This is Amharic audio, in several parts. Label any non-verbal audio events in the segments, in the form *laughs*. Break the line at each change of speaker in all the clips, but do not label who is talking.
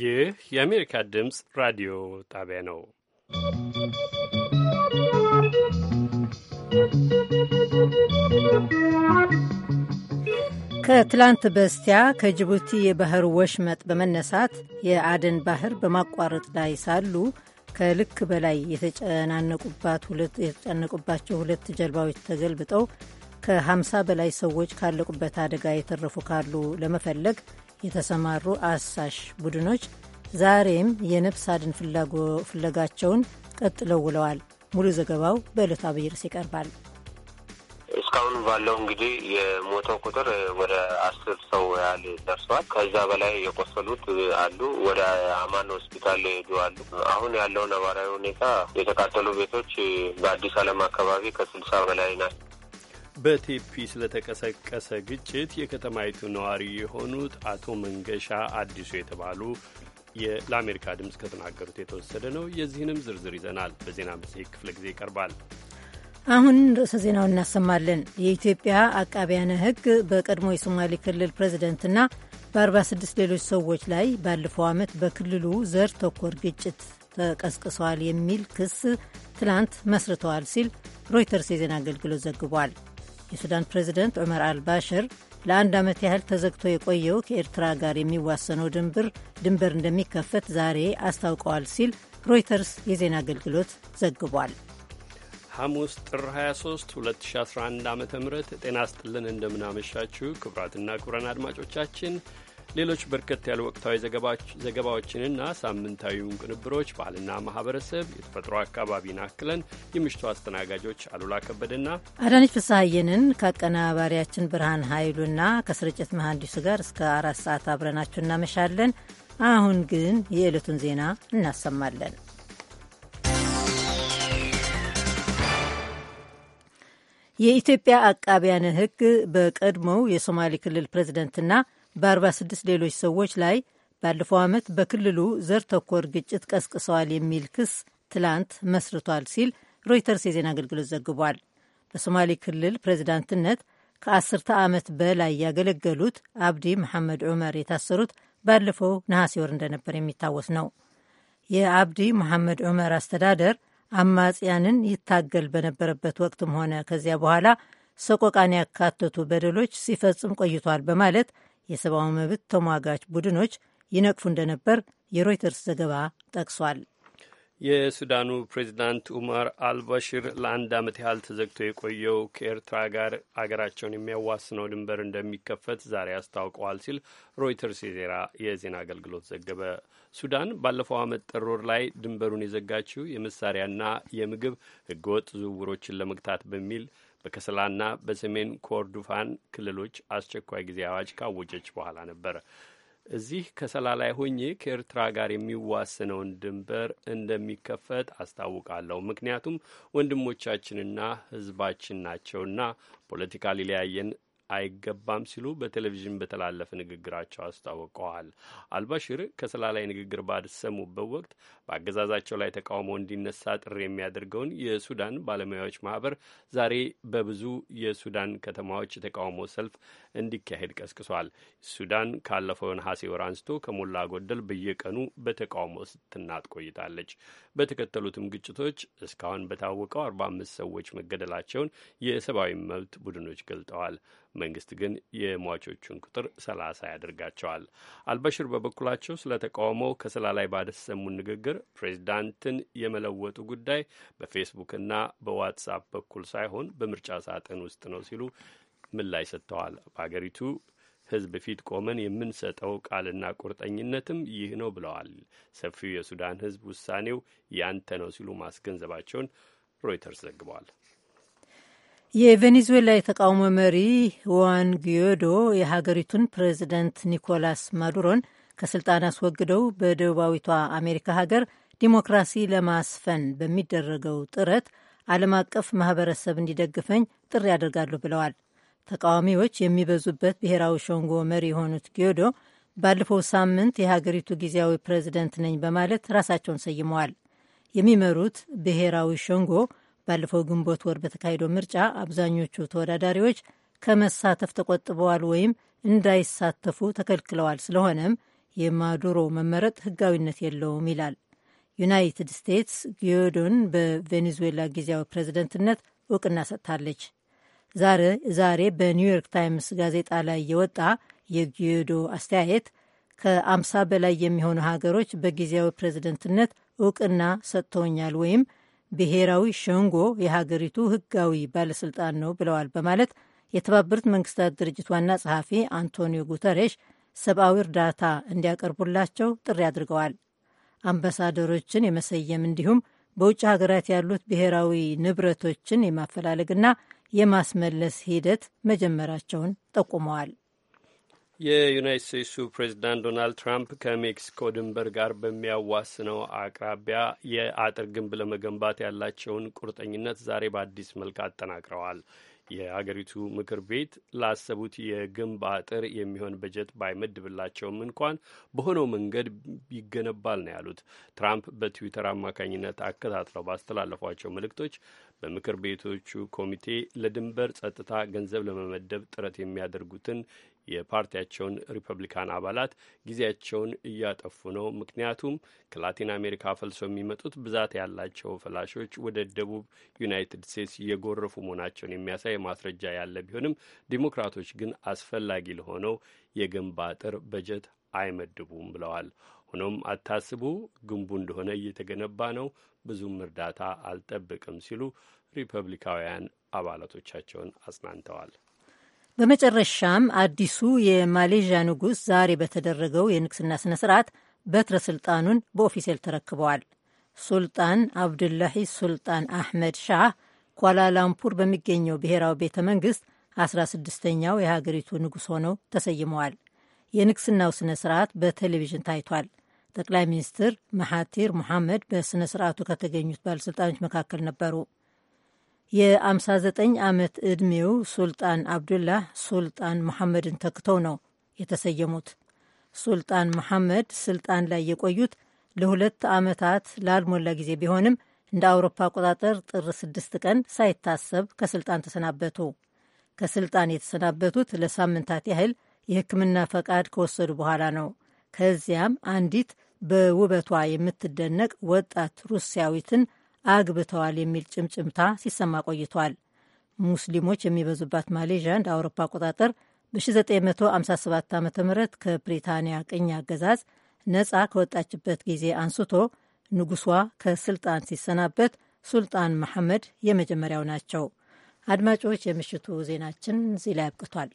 ይህ የአሜሪካ ድምፅ ራዲዮ ጣቢያ ነው።
ከትላንት በስቲያ ከጅቡቲ የባህር ወሽመጥ በመነሳት የአደን ባህር በማቋረጥ ላይ ሳሉ ከልክ በላይ የተጨነቁባቸው ሁለት ጀልባዎች ተገልብጠው ከ50 በላይ ሰዎች ካለቁበት አደጋ የተረፉ ካሉ ለመፈለግ የተሰማሩ አሳሽ ቡድኖች ዛሬም የነፍስ አድን ፍለጋቸውን ቀጥለው ውለዋል። ሙሉ ዘገባው በዕለቱ አብይ ርዕስ ይቀርባል።
እስካሁን ባለው እንግዲህ የሞተው ቁጥር ወደ አስር ሰው ያህል ደርሰዋል። ከዛ በላይ የቆሰሉት አሉ። ወደ አማን ሆስፒታል ሄዱ አሉ። አሁን ያለው ነባራዊ ሁኔታ የተቃጠሉ ቤቶች በአዲስ ዓለም አካባቢ ከስልሳ በላይ ናቸው።
በቴፒ ስለተቀሰቀሰ ግጭት የከተማይቱ ነዋሪ የሆኑት አቶ መንገሻ አዲሱ የተባሉ ለአሜሪካ ድምፅ ከተናገሩት የተወሰደ ነው። የዚህንም ዝርዝር ይዘናል። በዜና መጽሔት ክፍለ ጊዜ ይቀርባል።
አሁን ርዕሰ ዜናው እናሰማለን። የኢትዮጵያ አቃቢያነ ሕግ በቀድሞ የሶማሌ ክልል ፕሬዚደንትና በ46 ሌሎች ሰዎች ላይ ባለፈው ዓመት በክልሉ ዘር ተኮር ግጭት ተቀስቅሰዋል የሚል ክስ ትላንት መስርተዋል ሲል ሮይተርስ የዜና አገልግሎት ዘግቧል። የሱዳን ፕሬዚደንት ዑመር አልባሽር ለአንድ ዓመት ያህል ተዘግቶ የቆየው ከኤርትራ ጋር የሚዋሰነው ድንበር ድንበር እንደሚከፈት ዛሬ አስታውቀዋል ሲል ሮይተርስ የዜና አገልግሎት ዘግቧል።
ሐሙስ ጥር 23 2011 ዓ ም ጤና ስጥልን እንደምናመሻችሁ ክቡራትና ክቡራን አድማጮቻችን ሌሎች በርከት ያሉ ወቅታዊ ዘገባዎችንና ሳምንታዊውን ቅንብሮች ባህልና ማህበረሰብ፣ የተፈጥሮ አካባቢን አክለን የምሽቱ አስተናጋጆች አሉላ ከበደና አዳነች
ፍስሐየንን ከአቀናባሪያችን ብርሃን ኃይሉና ከስርጭት መሐንዲሱ ጋር እስከ አራት ሰዓት አብረናችሁ እናመሻለን። አሁን ግን የዕለቱን ዜና እናሰማለን። የኢትዮጵያ አቃቢያነ ሕግ በቀድሞው የሶማሌ ክልል ፕሬዚደንትና በ46 ሌሎች ሰዎች ላይ ባለፈው ዓመት በክልሉ ዘር ተኮር ግጭት ቀስቅሰዋል የሚል ክስ ትላንት መስርቷል ሲል ሮይተርስ የዜና አገልግሎት ዘግቧል። በሶማሌ ክልል ፕሬዚዳንትነት ከአስርተ ዓመት በላይ ያገለገሉት አብዲ መሐመድ ዑመር የታሰሩት ባለፈው ነሐሴ ወር እንደነበር የሚታወስ ነው። የአብዲ መሐመድ ዑመር አስተዳደር አማጽያንን ይታገል በነበረበት ወቅትም ሆነ ከዚያ በኋላ ሰቆቃን ያካተቱ በደሎች ሲፈጽም ቆይቷል በማለት የሰብአዊ መብት ተሟጋች ቡድኖች ይነቅፉ እንደነበር የሮይተርስ ዘገባ ጠቅሷል።
የሱዳኑ ፕሬዚዳንት ኡማር አልባሽር ለአንድ ዓመት ያህል ተዘግቶ የቆየው ከኤርትራ ጋር አገራቸውን የሚያዋስነው ድንበር እንደሚከፈት ዛሬ አስታውቀዋል ሲል ሮይተርስ የዜና አገልግሎት ዘገበ። ሱዳን ባለፈው ዓመት ጥር ወር ላይ ድንበሩን የዘጋችው የመሳሪያና የምግብ ህገወጥ ዝውውሮችን ለመግታት በሚል በከሰላና በሰሜን ኮርዱፋን ክልሎች አስቸኳይ ጊዜ አዋጅ ካወጀች በኋላ ነበር። እዚህ ከሰላ ላይ ሆኜ ከኤርትራ ጋር የሚዋሰነውን ድንበር እንደሚከፈት አስታውቃለሁ። ምክንያቱም ወንድሞቻችንና ሕዝባችን ናቸውና ፖለቲካ ሊለያየን አይገባም ሲሉ በቴሌቪዥን በተላለፈ ንግግራቸው አስታውቀዋል። አልባሽር ከስላ ላይ ንግግር ባሰሙበት ወቅት በአገዛዛቸው ላይ ተቃውሞ እንዲነሳ ጥሪ የሚያደርገውን የሱዳን ባለሙያዎች ማህበር ዛሬ በብዙ የሱዳን ከተማዎች የተቃውሞ ሰልፍ እንዲካሄድ ቀስቅሷል። ሱዳን ካለፈው ነሐሴ ወር አንስቶ ከሞላ ጎደል በየቀኑ በተቃውሞ ስትናጥ ቆይታለች። በተከተሉትም ግጭቶች እስካሁን በታወቀው አርባ አምስት ሰዎች መገደላቸውን የሰብአዊ መብት ቡድኖች ገልጠዋል። መንግስት ግን የሟቾቹን ቁጥር ሰላሳ ያደርጋቸዋል። አልበሽር በበኩላቸው ስለ ተቃውሞው ከስላ ላይ ባደሰሙ ንግግር ፕሬዚዳንትን የመለወጡ ጉዳይ በፌስቡክና በዋትሳፕ በኩል ሳይሆን በምርጫ ሳጥን ውስጥ ነው ሲሉ ምላሽ ሰጥተዋል። በአገሪቱ ሕዝብ ፊት ቆመን የምንሰጠው ቃልና ቁርጠኝነትም ይህ ነው ብለዋል። ሰፊው የሱዳን ሕዝብ ውሳኔው ያንተ ነው ሲሉ ማስገንዘባቸውን ሮይተርስ ዘግበዋል።
የቬኔዙዌላ የተቃውሞ መሪ ዋን ጊዮዶ የሀገሪቱን ፕሬዚደንት ኒኮላስ ማዱሮን ከስልጣን አስወግደው በደቡባዊቷ አሜሪካ ሀገር ዲሞክራሲ ለማስፈን በሚደረገው ጥረት ዓለም አቀፍ ማህበረሰብ እንዲደግፈኝ ጥሪ ያደርጋሉ ብለዋል። ተቃዋሚዎች የሚበዙበት ብሔራዊ ሸንጎ መሪ የሆኑት ጊዮዶ ባለፈው ሳምንት የሀገሪቱ ጊዜያዊ ፕሬዝደንት ነኝ በማለት ራሳቸውን ሰይመዋል። የሚመሩት ብሔራዊ ሸንጎ ባለፈው ግንቦት ወር በተካሄደው ምርጫ አብዛኞቹ ተወዳዳሪዎች ከመሳተፍ ተቆጥበዋል ወይም እንዳይሳተፉ ተከልክለዋል። ስለሆነም የማዱሮ መመረጥ ሕጋዊነት የለውም ይላል። ዩናይትድ ስቴትስ ጊዮዶን በቬኔዙዌላ ጊዜያዊ ፕሬዝደንትነት እውቅና ሰጥታለች። ዛሬ በኒውዮርክ ታይምስ ጋዜጣ ላይ የወጣ የጊዮዶ አስተያየት ከአምሳ በላይ የሚሆኑ ሀገሮች በጊዜያዊ ፕሬዝደንትነት እውቅና ሰጥተውኛል ወይም ብሔራዊ ሸንጎ የሀገሪቱ ህጋዊ ባለስልጣን ነው ብለዋል በማለት የተባበሩት መንግስታት ድርጅት ዋና ጸሐፊ አንቶኒዮ ጉተሬሽ ሰብአዊ እርዳታ እንዲያቀርቡላቸው ጥሪ አድርገዋል። አምባሳደሮችን የመሰየም እንዲሁም በውጭ ሀገራት ያሉት ብሔራዊ ንብረቶችን የማፈላለግና የማስመለስ ሂደት መጀመራቸውን ጠቁመዋል።
የዩናይት ስቴትሱ ፕሬዚዳንት ዶናልድ ትራምፕ ከሜክሲኮ ድንበር ጋር በሚያዋስነው አቅራቢያ የአጥር ግንብ ለመገንባት ያላቸውን ቁርጠኝነት ዛሬ በአዲስ መልክ አጠናክረዋል። የአገሪቱ ምክር ቤት ላሰቡት የግንብ አጥር የሚሆን በጀት ባይመድብላቸውም እንኳን በሆነው መንገድ ይገነባል ነው ያሉት። ትራምፕ በትዊተር አማካኝነት አከታትለው ባስተላለፏቸው መልእክቶች በምክር ቤቶቹ ኮሚቴ ለድንበር ጸጥታ ገንዘብ ለመመደብ ጥረት የሚያደርጉትን የፓርቲያቸውን ሪፐብሊካን አባላት ጊዜያቸውን እያጠፉ ነው። ምክንያቱም ከላቲን አሜሪካ ፈልሶ የሚመጡት ብዛት ያላቸው ፈላሾች ወደ ደቡብ ዩናይትድ ስቴትስ እየጎረፉ መሆናቸውን የሚያሳይ ማስረጃ ያለ ቢሆንም ዲሞክራቶች ግን አስፈላጊ ለሆነው የግንብ አጥር በጀት አይመድቡም ብለዋል። ሆኖም አታስቡ፣ ግንቡ እንደሆነ እየተገነባ ነው፣ ብዙም እርዳታ አልጠብቅም ሲሉ ሪፐብሊካውያን አባላቶቻቸውን አጽናንተዋል።
በመጨረሻም አዲሱ የማሌዥያ ንጉሥ ዛሬ በተደረገው የንግስና ስነ ስርዓት በትረ ስልጣኑን በኦፊሴል ተረክበዋል። ሱልጣን አብዱላሂ ሱልጣን አሕመድ ሻህ ኳላላምፑር በሚገኘው ብሔራዊ ቤተ መንግሥት 16ኛው የሀገሪቱ ንጉሥ ሆነው ተሰይመዋል። የንግስናው ስነ ስርዓት በቴሌቪዥን ታይቷል። ጠቅላይ ሚኒስትር መሐቲር ሙሐመድ በሥነ ሥርዓቱ ከተገኙት ባለሥልጣኖች መካከል ነበሩ። የ59 ዓመት ዕድሜው ሱልጣን አብዱላህ ሱልጣን መሐመድን ተክተው ነው የተሰየሙት። ሱልጣን መሐመድ ስልጣን ላይ የቆዩት ለሁለት ዓመታት ላልሞላ ጊዜ ቢሆንም እንደ አውሮፓ አቆጣጠር ጥር ስድስት ቀን ሳይታሰብ ከስልጣን ተሰናበቱ። ከስልጣን የተሰናበቱት ለሳምንታት ያህል የሕክምና ፈቃድ ከወሰዱ በኋላ ነው። ከዚያም አንዲት በውበቷ የምትደነቅ ወጣት ሩሲያዊትን አግብተዋል የሚል ጭምጭምታ ሲሰማ ቆይቷል። ሙስሊሞች የሚበዙባት ማሌዥያ እንደ አውሮፓ አቆጣጠር በ1957 ዓ ም ከብሪታንያ ቅኝ አገዛዝ ነጻ ከወጣችበት ጊዜ አንስቶ ንጉሷ ከስልጣን ሲሰናበት ሱልጣን መሐመድ የመጀመሪያው ናቸው። አድማጮች፣ የምሽቱ ዜናችን እዚህ ላይ አብቅቷል።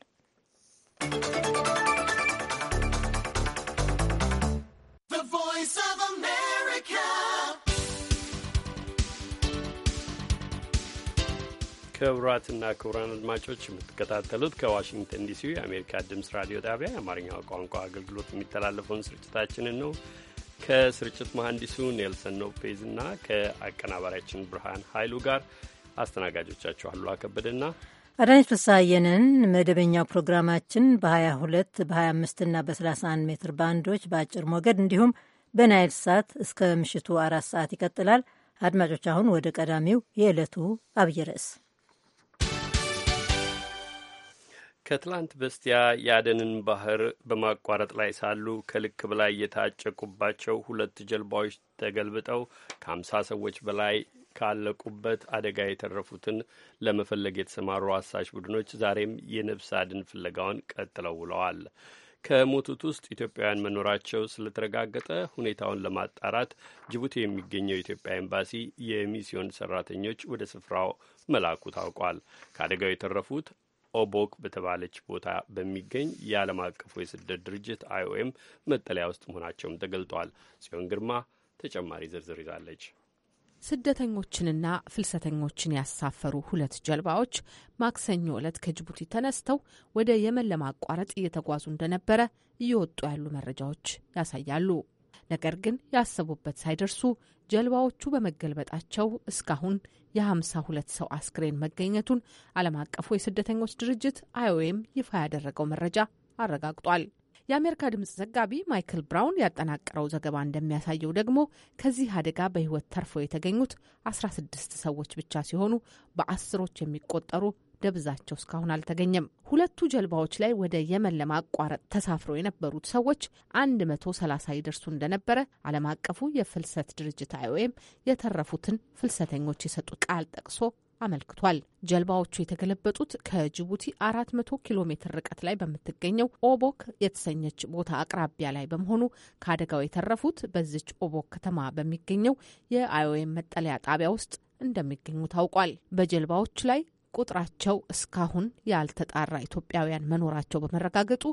ክቡራትና ክቡራን አድማጮች የምትከታተሉት ከዋሽንግተን ዲሲ የአሜሪካ ድምፅ ራዲዮ ጣቢያ የአማርኛው ቋንቋ አገልግሎት የሚተላለፈውን ስርጭታችንን ነው። ከስርጭት መሐንዲሱ ኔልሰን ኖፔዝ እና ከአቀናባሪያችን ብርሃን ኃይሉ ጋር አስተናጋጆቻችሁ አሉ አከበደና
አዳነች ፍስሐየንን። መደበኛው ፕሮግራማችን በ22 በ25 እና በ31 ሜትር ባንዶች በአጭር ሞገድ እንዲሁም በናይል ሳት እስከ ምሽቱ አራት ሰዓት ይቀጥላል። አድማጮች አሁን ወደ ቀዳሚው የዕለቱ አብይ ርዕስ
ከትላንት በስቲያ የአደንን ባህር በማቋረጥ ላይ ሳሉ ከልክ በላይ የታጨቁባቸው ሁለት ጀልባዎች ተገልብጠው ከአምሳ ሰዎች በላይ ካለቁበት አደጋ የተረፉትን ለመፈለግ የተሰማሩ አሳሽ ቡድኖች ዛሬም የነፍስ አድን ፍለጋውን ቀጥለው ውለዋል። ከሞቱት ውስጥ ኢትዮጵያውያን መኖራቸው ስለተረጋገጠ ሁኔታውን ለማጣራት ጅቡቲ የሚገኘው የኢትዮጵያ ኤምባሲ የሚሲዮን ሰራተኞች ወደ ስፍራው መላኩ ታውቋል። ከአደጋው የተረፉት ኦቦክ በተባለች ቦታ በሚገኝ የዓለም አቀፉ የስደት ድርጅት አይኦኤም መጠለያ ውስጥ መሆናቸውም ተገልጧል። ጽዮን ግርማ ተጨማሪ ዝርዝር ይዛለች።
ስደተኞችንና ፍልሰተኞችን ያሳፈሩ ሁለት ጀልባዎች ማክሰኞ ዕለት ከጅቡቲ ተነስተው ወደ የመን ለማቋረጥ እየተጓዙ እንደነበረ እየወጡ ያሉ መረጃዎች ያሳያሉ። ነገር ግን ያሰቡበት ሳይደርሱ ጀልባዎቹ በመገልበጣቸው እስካሁን የ52 ሰው አስክሬን መገኘቱን ዓለም አቀፉ የስደተኞች ድርጅት አይኦኤም ይፋ ያደረገው መረጃ አረጋግጧል። የአሜሪካ ድምፅ ዘጋቢ ማይክል ብራውን ያጠናቀረው ዘገባ እንደሚያሳየው ደግሞ ከዚህ አደጋ በሕይወት ተርፎ የተገኙት 16 ሰዎች ብቻ ሲሆኑ በአስሮች የሚቆጠሩ ደብዛቸው እስካሁን አልተገኘም። ሁለቱ ጀልባዎች ላይ ወደ የመን ለማቋረጥ ተሳፍረው የነበሩት ሰዎች 130 ይደርሱ እንደነበረ ዓለም አቀፉ የፍልሰት ድርጅት አይኦኤም የተረፉትን ፍልሰተኞች የሰጡት ቃል ጠቅሶ አመልክቷል። ጀልባዎቹ የተገለበጡት ከጅቡቲ 400 ኪሎ ሜትር ርቀት ላይ በምትገኘው ኦቦክ የተሰኘች ቦታ አቅራቢያ ላይ በመሆኑ ከአደጋው የተረፉት በዚች ኦቦክ ከተማ በሚገኘው የአይኦኤም መጠለያ ጣቢያ ውስጥ እንደሚገኙ ታውቋል። በጀልባዎች ላይ ቁጥራቸው እስካሁን ያልተጣራ ኢትዮጵያውያን መኖራቸው በመረጋገጡ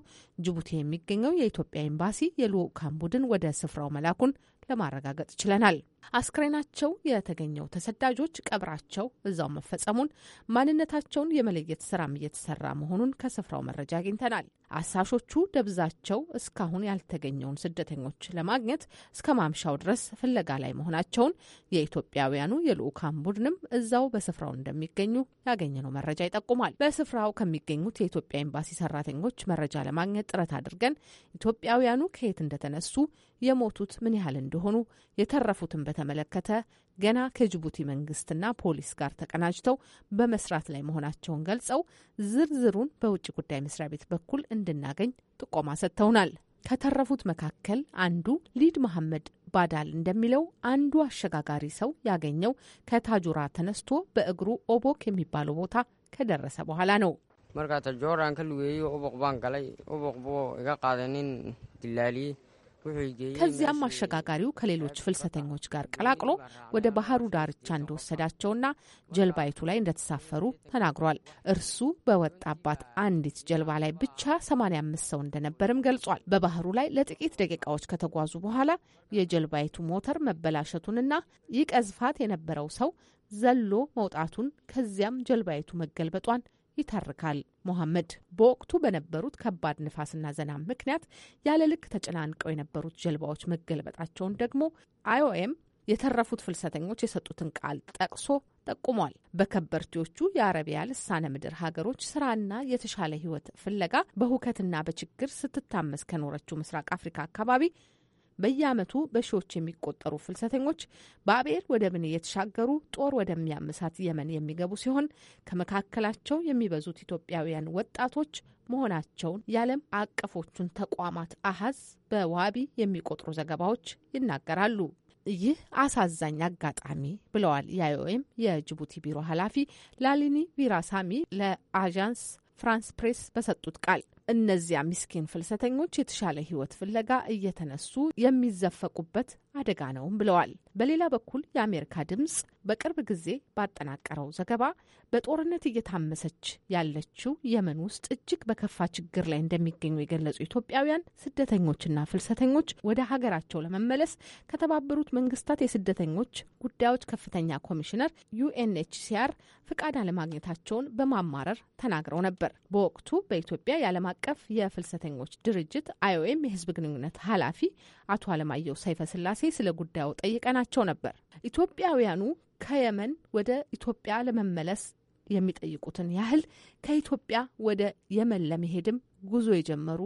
ጅቡቲ የሚገኘው የኢትዮጵያ ኤምባሲ የልዑካን ቡድን ወደ ስፍራው መላኩን ለማረጋገጥ ችለናል። አስክሬናቸው የተገኘው ተሰዳጆች ቀብራቸው እዛው መፈጸሙን ማንነታቸውን የመለየት ስራም እየተሰራ መሆኑን ከስፍራው መረጃ አግኝተናል። አሳሾቹ ደብዛቸው እስካሁን ያልተገኘውን ስደተኞች ለማግኘት እስከ ማምሻው ድረስ ፍለጋ ላይ መሆናቸውን የኢትዮጵያውያኑ የልዑካን ቡድንም እዛው በስፍራው እንደሚገኙ ያገኘነው መረጃ ይጠቁማል። በስፍራው ከሚገኙት የኢትዮጵያ ኤምባሲ ሰራተኞች መረጃ ለማግኘት ጥረት አድርገን ኢትዮጵያውያኑ ከየት እንደተነሱ የሞቱት ምን ያህል እንደሆኑ የተረፉትን በተመለከተ ገና ከጅቡቲ መንግስትና ፖሊስ ጋር ተቀናጅተው በመስራት ላይ መሆናቸውን ገልጸው ዝርዝሩን በውጭ ጉዳይ መስሪያ ቤት በኩል እንድናገኝ ጥቆማ ሰጥተውናል። ከተረፉት መካከል አንዱ ሊድ መሐመድ ባዳል እንደሚለው አንዱ አሸጋጋሪ ሰው ያገኘው ከታጁራ ተነስቶ በእግሩ ኦቦክ የሚባለው ቦታ ከደረሰ በኋላ ነው።
መርካተ ጆራን ከልዌዩ ኦቦቅ ባንከላይ ኦቦክ ቦ ጋ ቃደኒን
ድላሊ ከዚያም
አሸጋጋሪው ከሌሎች ፍልሰተኞች ጋር ቀላቅሎ ወደ ባህሩ ዳርቻ እንደወሰዳቸውና ጀልባይቱ ላይ እንደተሳፈሩ ተናግሯል። እርሱ በወጣባት አንዲት ጀልባ ላይ ብቻ 85 ሰው እንደነበርም ገልጿል። በባህሩ ላይ ለጥቂት ደቂቃዎች ከተጓዙ በኋላ የጀልባይቱ ሞተር መበላሸቱንና ይቀዝፋት የነበረው ሰው ዘሎ መውጣቱን ከዚያም ጀልባይቱ መገልበጧን ይተርካል። ሞሐመድ በወቅቱ በነበሩት ከባድ ንፋስና ዘናም ምክንያት ያለ ልክ ተጨናንቀው የነበሩት ጀልባዎች መገልበጣቸውን ደግሞ አይኦኤም የተረፉት ፍልሰተኞች የሰጡትን ቃል ጠቅሶ ጠቁሟል። በከበርቲዎቹ የአረቢያ ልሳነ ምድር ሀገሮች ስራና የተሻለ ህይወት ፍለጋ በሁከትና በችግር ስትታመስ ከኖረችው ምስራቅ አፍሪካ አካባቢ በየዓመቱ በሺዎች የሚቆጠሩ ፍልሰተኞች በአብኤል ወደብን እየተሻገሩ ጦር ወደሚያመሳት የመን የሚገቡ ሲሆን ከመካከላቸው የሚበዙት ኢትዮጵያውያን ወጣቶች መሆናቸውን የዓለም አቀፎቹን ተቋማት አሀዝ በዋቢ የሚቆጥሩ ዘገባዎች ይናገራሉ። ይህ አሳዛኝ አጋጣሚ ብለዋል የአይኦኤም የጅቡቲ ቢሮ ኃላፊ ላሊኒ ቪራሳሚ ለአዣንስ ፍራንስ ፕሬስ በሰጡት ቃል እነዚያ ምስኪን ፍልሰተኞች የተሻለ ህይወት ፍለጋ እየተነሱ የሚዘፈቁበት አደጋ ነውም ብለዋል። በሌላ በኩል የአሜሪካ ድምፅ በቅርብ ጊዜ ባጠናቀረው ዘገባ በጦርነት እየታመሰች ያለችው የመን ውስጥ እጅግ በከፋ ችግር ላይ እንደሚገኙ የገለጹ ኢትዮጵያውያን ስደተኞችና ፍልሰተኞች ወደ ሀገራቸው ለመመለስ ከተባበሩት መንግስታት የስደተኞች ጉዳዮች ከፍተኛ ኮሚሽነር ዩኤንኤችሲአር ፍቃድ አለማግኘታቸውን በማማረር ተናግረው ነበር። በወቅቱ በኢትዮጵያ የዓለም አቀፍ የፍልሰተኞች ድርጅት አይኦኤም የህዝብ ግንኙነት ኃላፊ አቶ አለማየሁ ሰይፈስላሴ ስላሴ ስለ ጉዳዩ ጠይቀናቸው ነበር። ኢትዮጵያውያኑ ከየመን ወደ ኢትዮጵያ ለመመለስ የሚጠይቁትን ያህል ከኢትዮጵያ ወደ የመን ለመሄድም ጉዞ የጀመሩ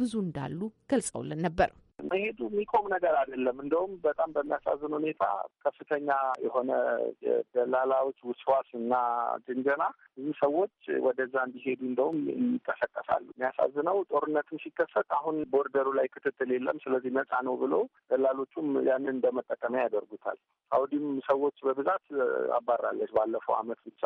ብዙ እንዳሉ ገልጸውልን ነበር።
መሄዱ የሚቆም ነገር አይደለም። እንደውም በጣም በሚያሳዝን ሁኔታ ከፍተኛ የሆነ ደላላዎች ውስዋስ እና ድንገና ብዙ ሰዎች ወደዛ እንዲሄዱ እንደውም ይቀሰቀሳሉ። የሚያሳዝነው ጦርነትም ሲከሰት አሁን ቦርደሩ ላይ ክትትል የለም። ስለዚህ ነፃ ነው ብሎ ደላሎቹም ያንን እንደመጠቀሚያ ያደርጉታል። ሳውዲም ሰዎች በብዛት አባራለች። ባለፈው አመት ብቻ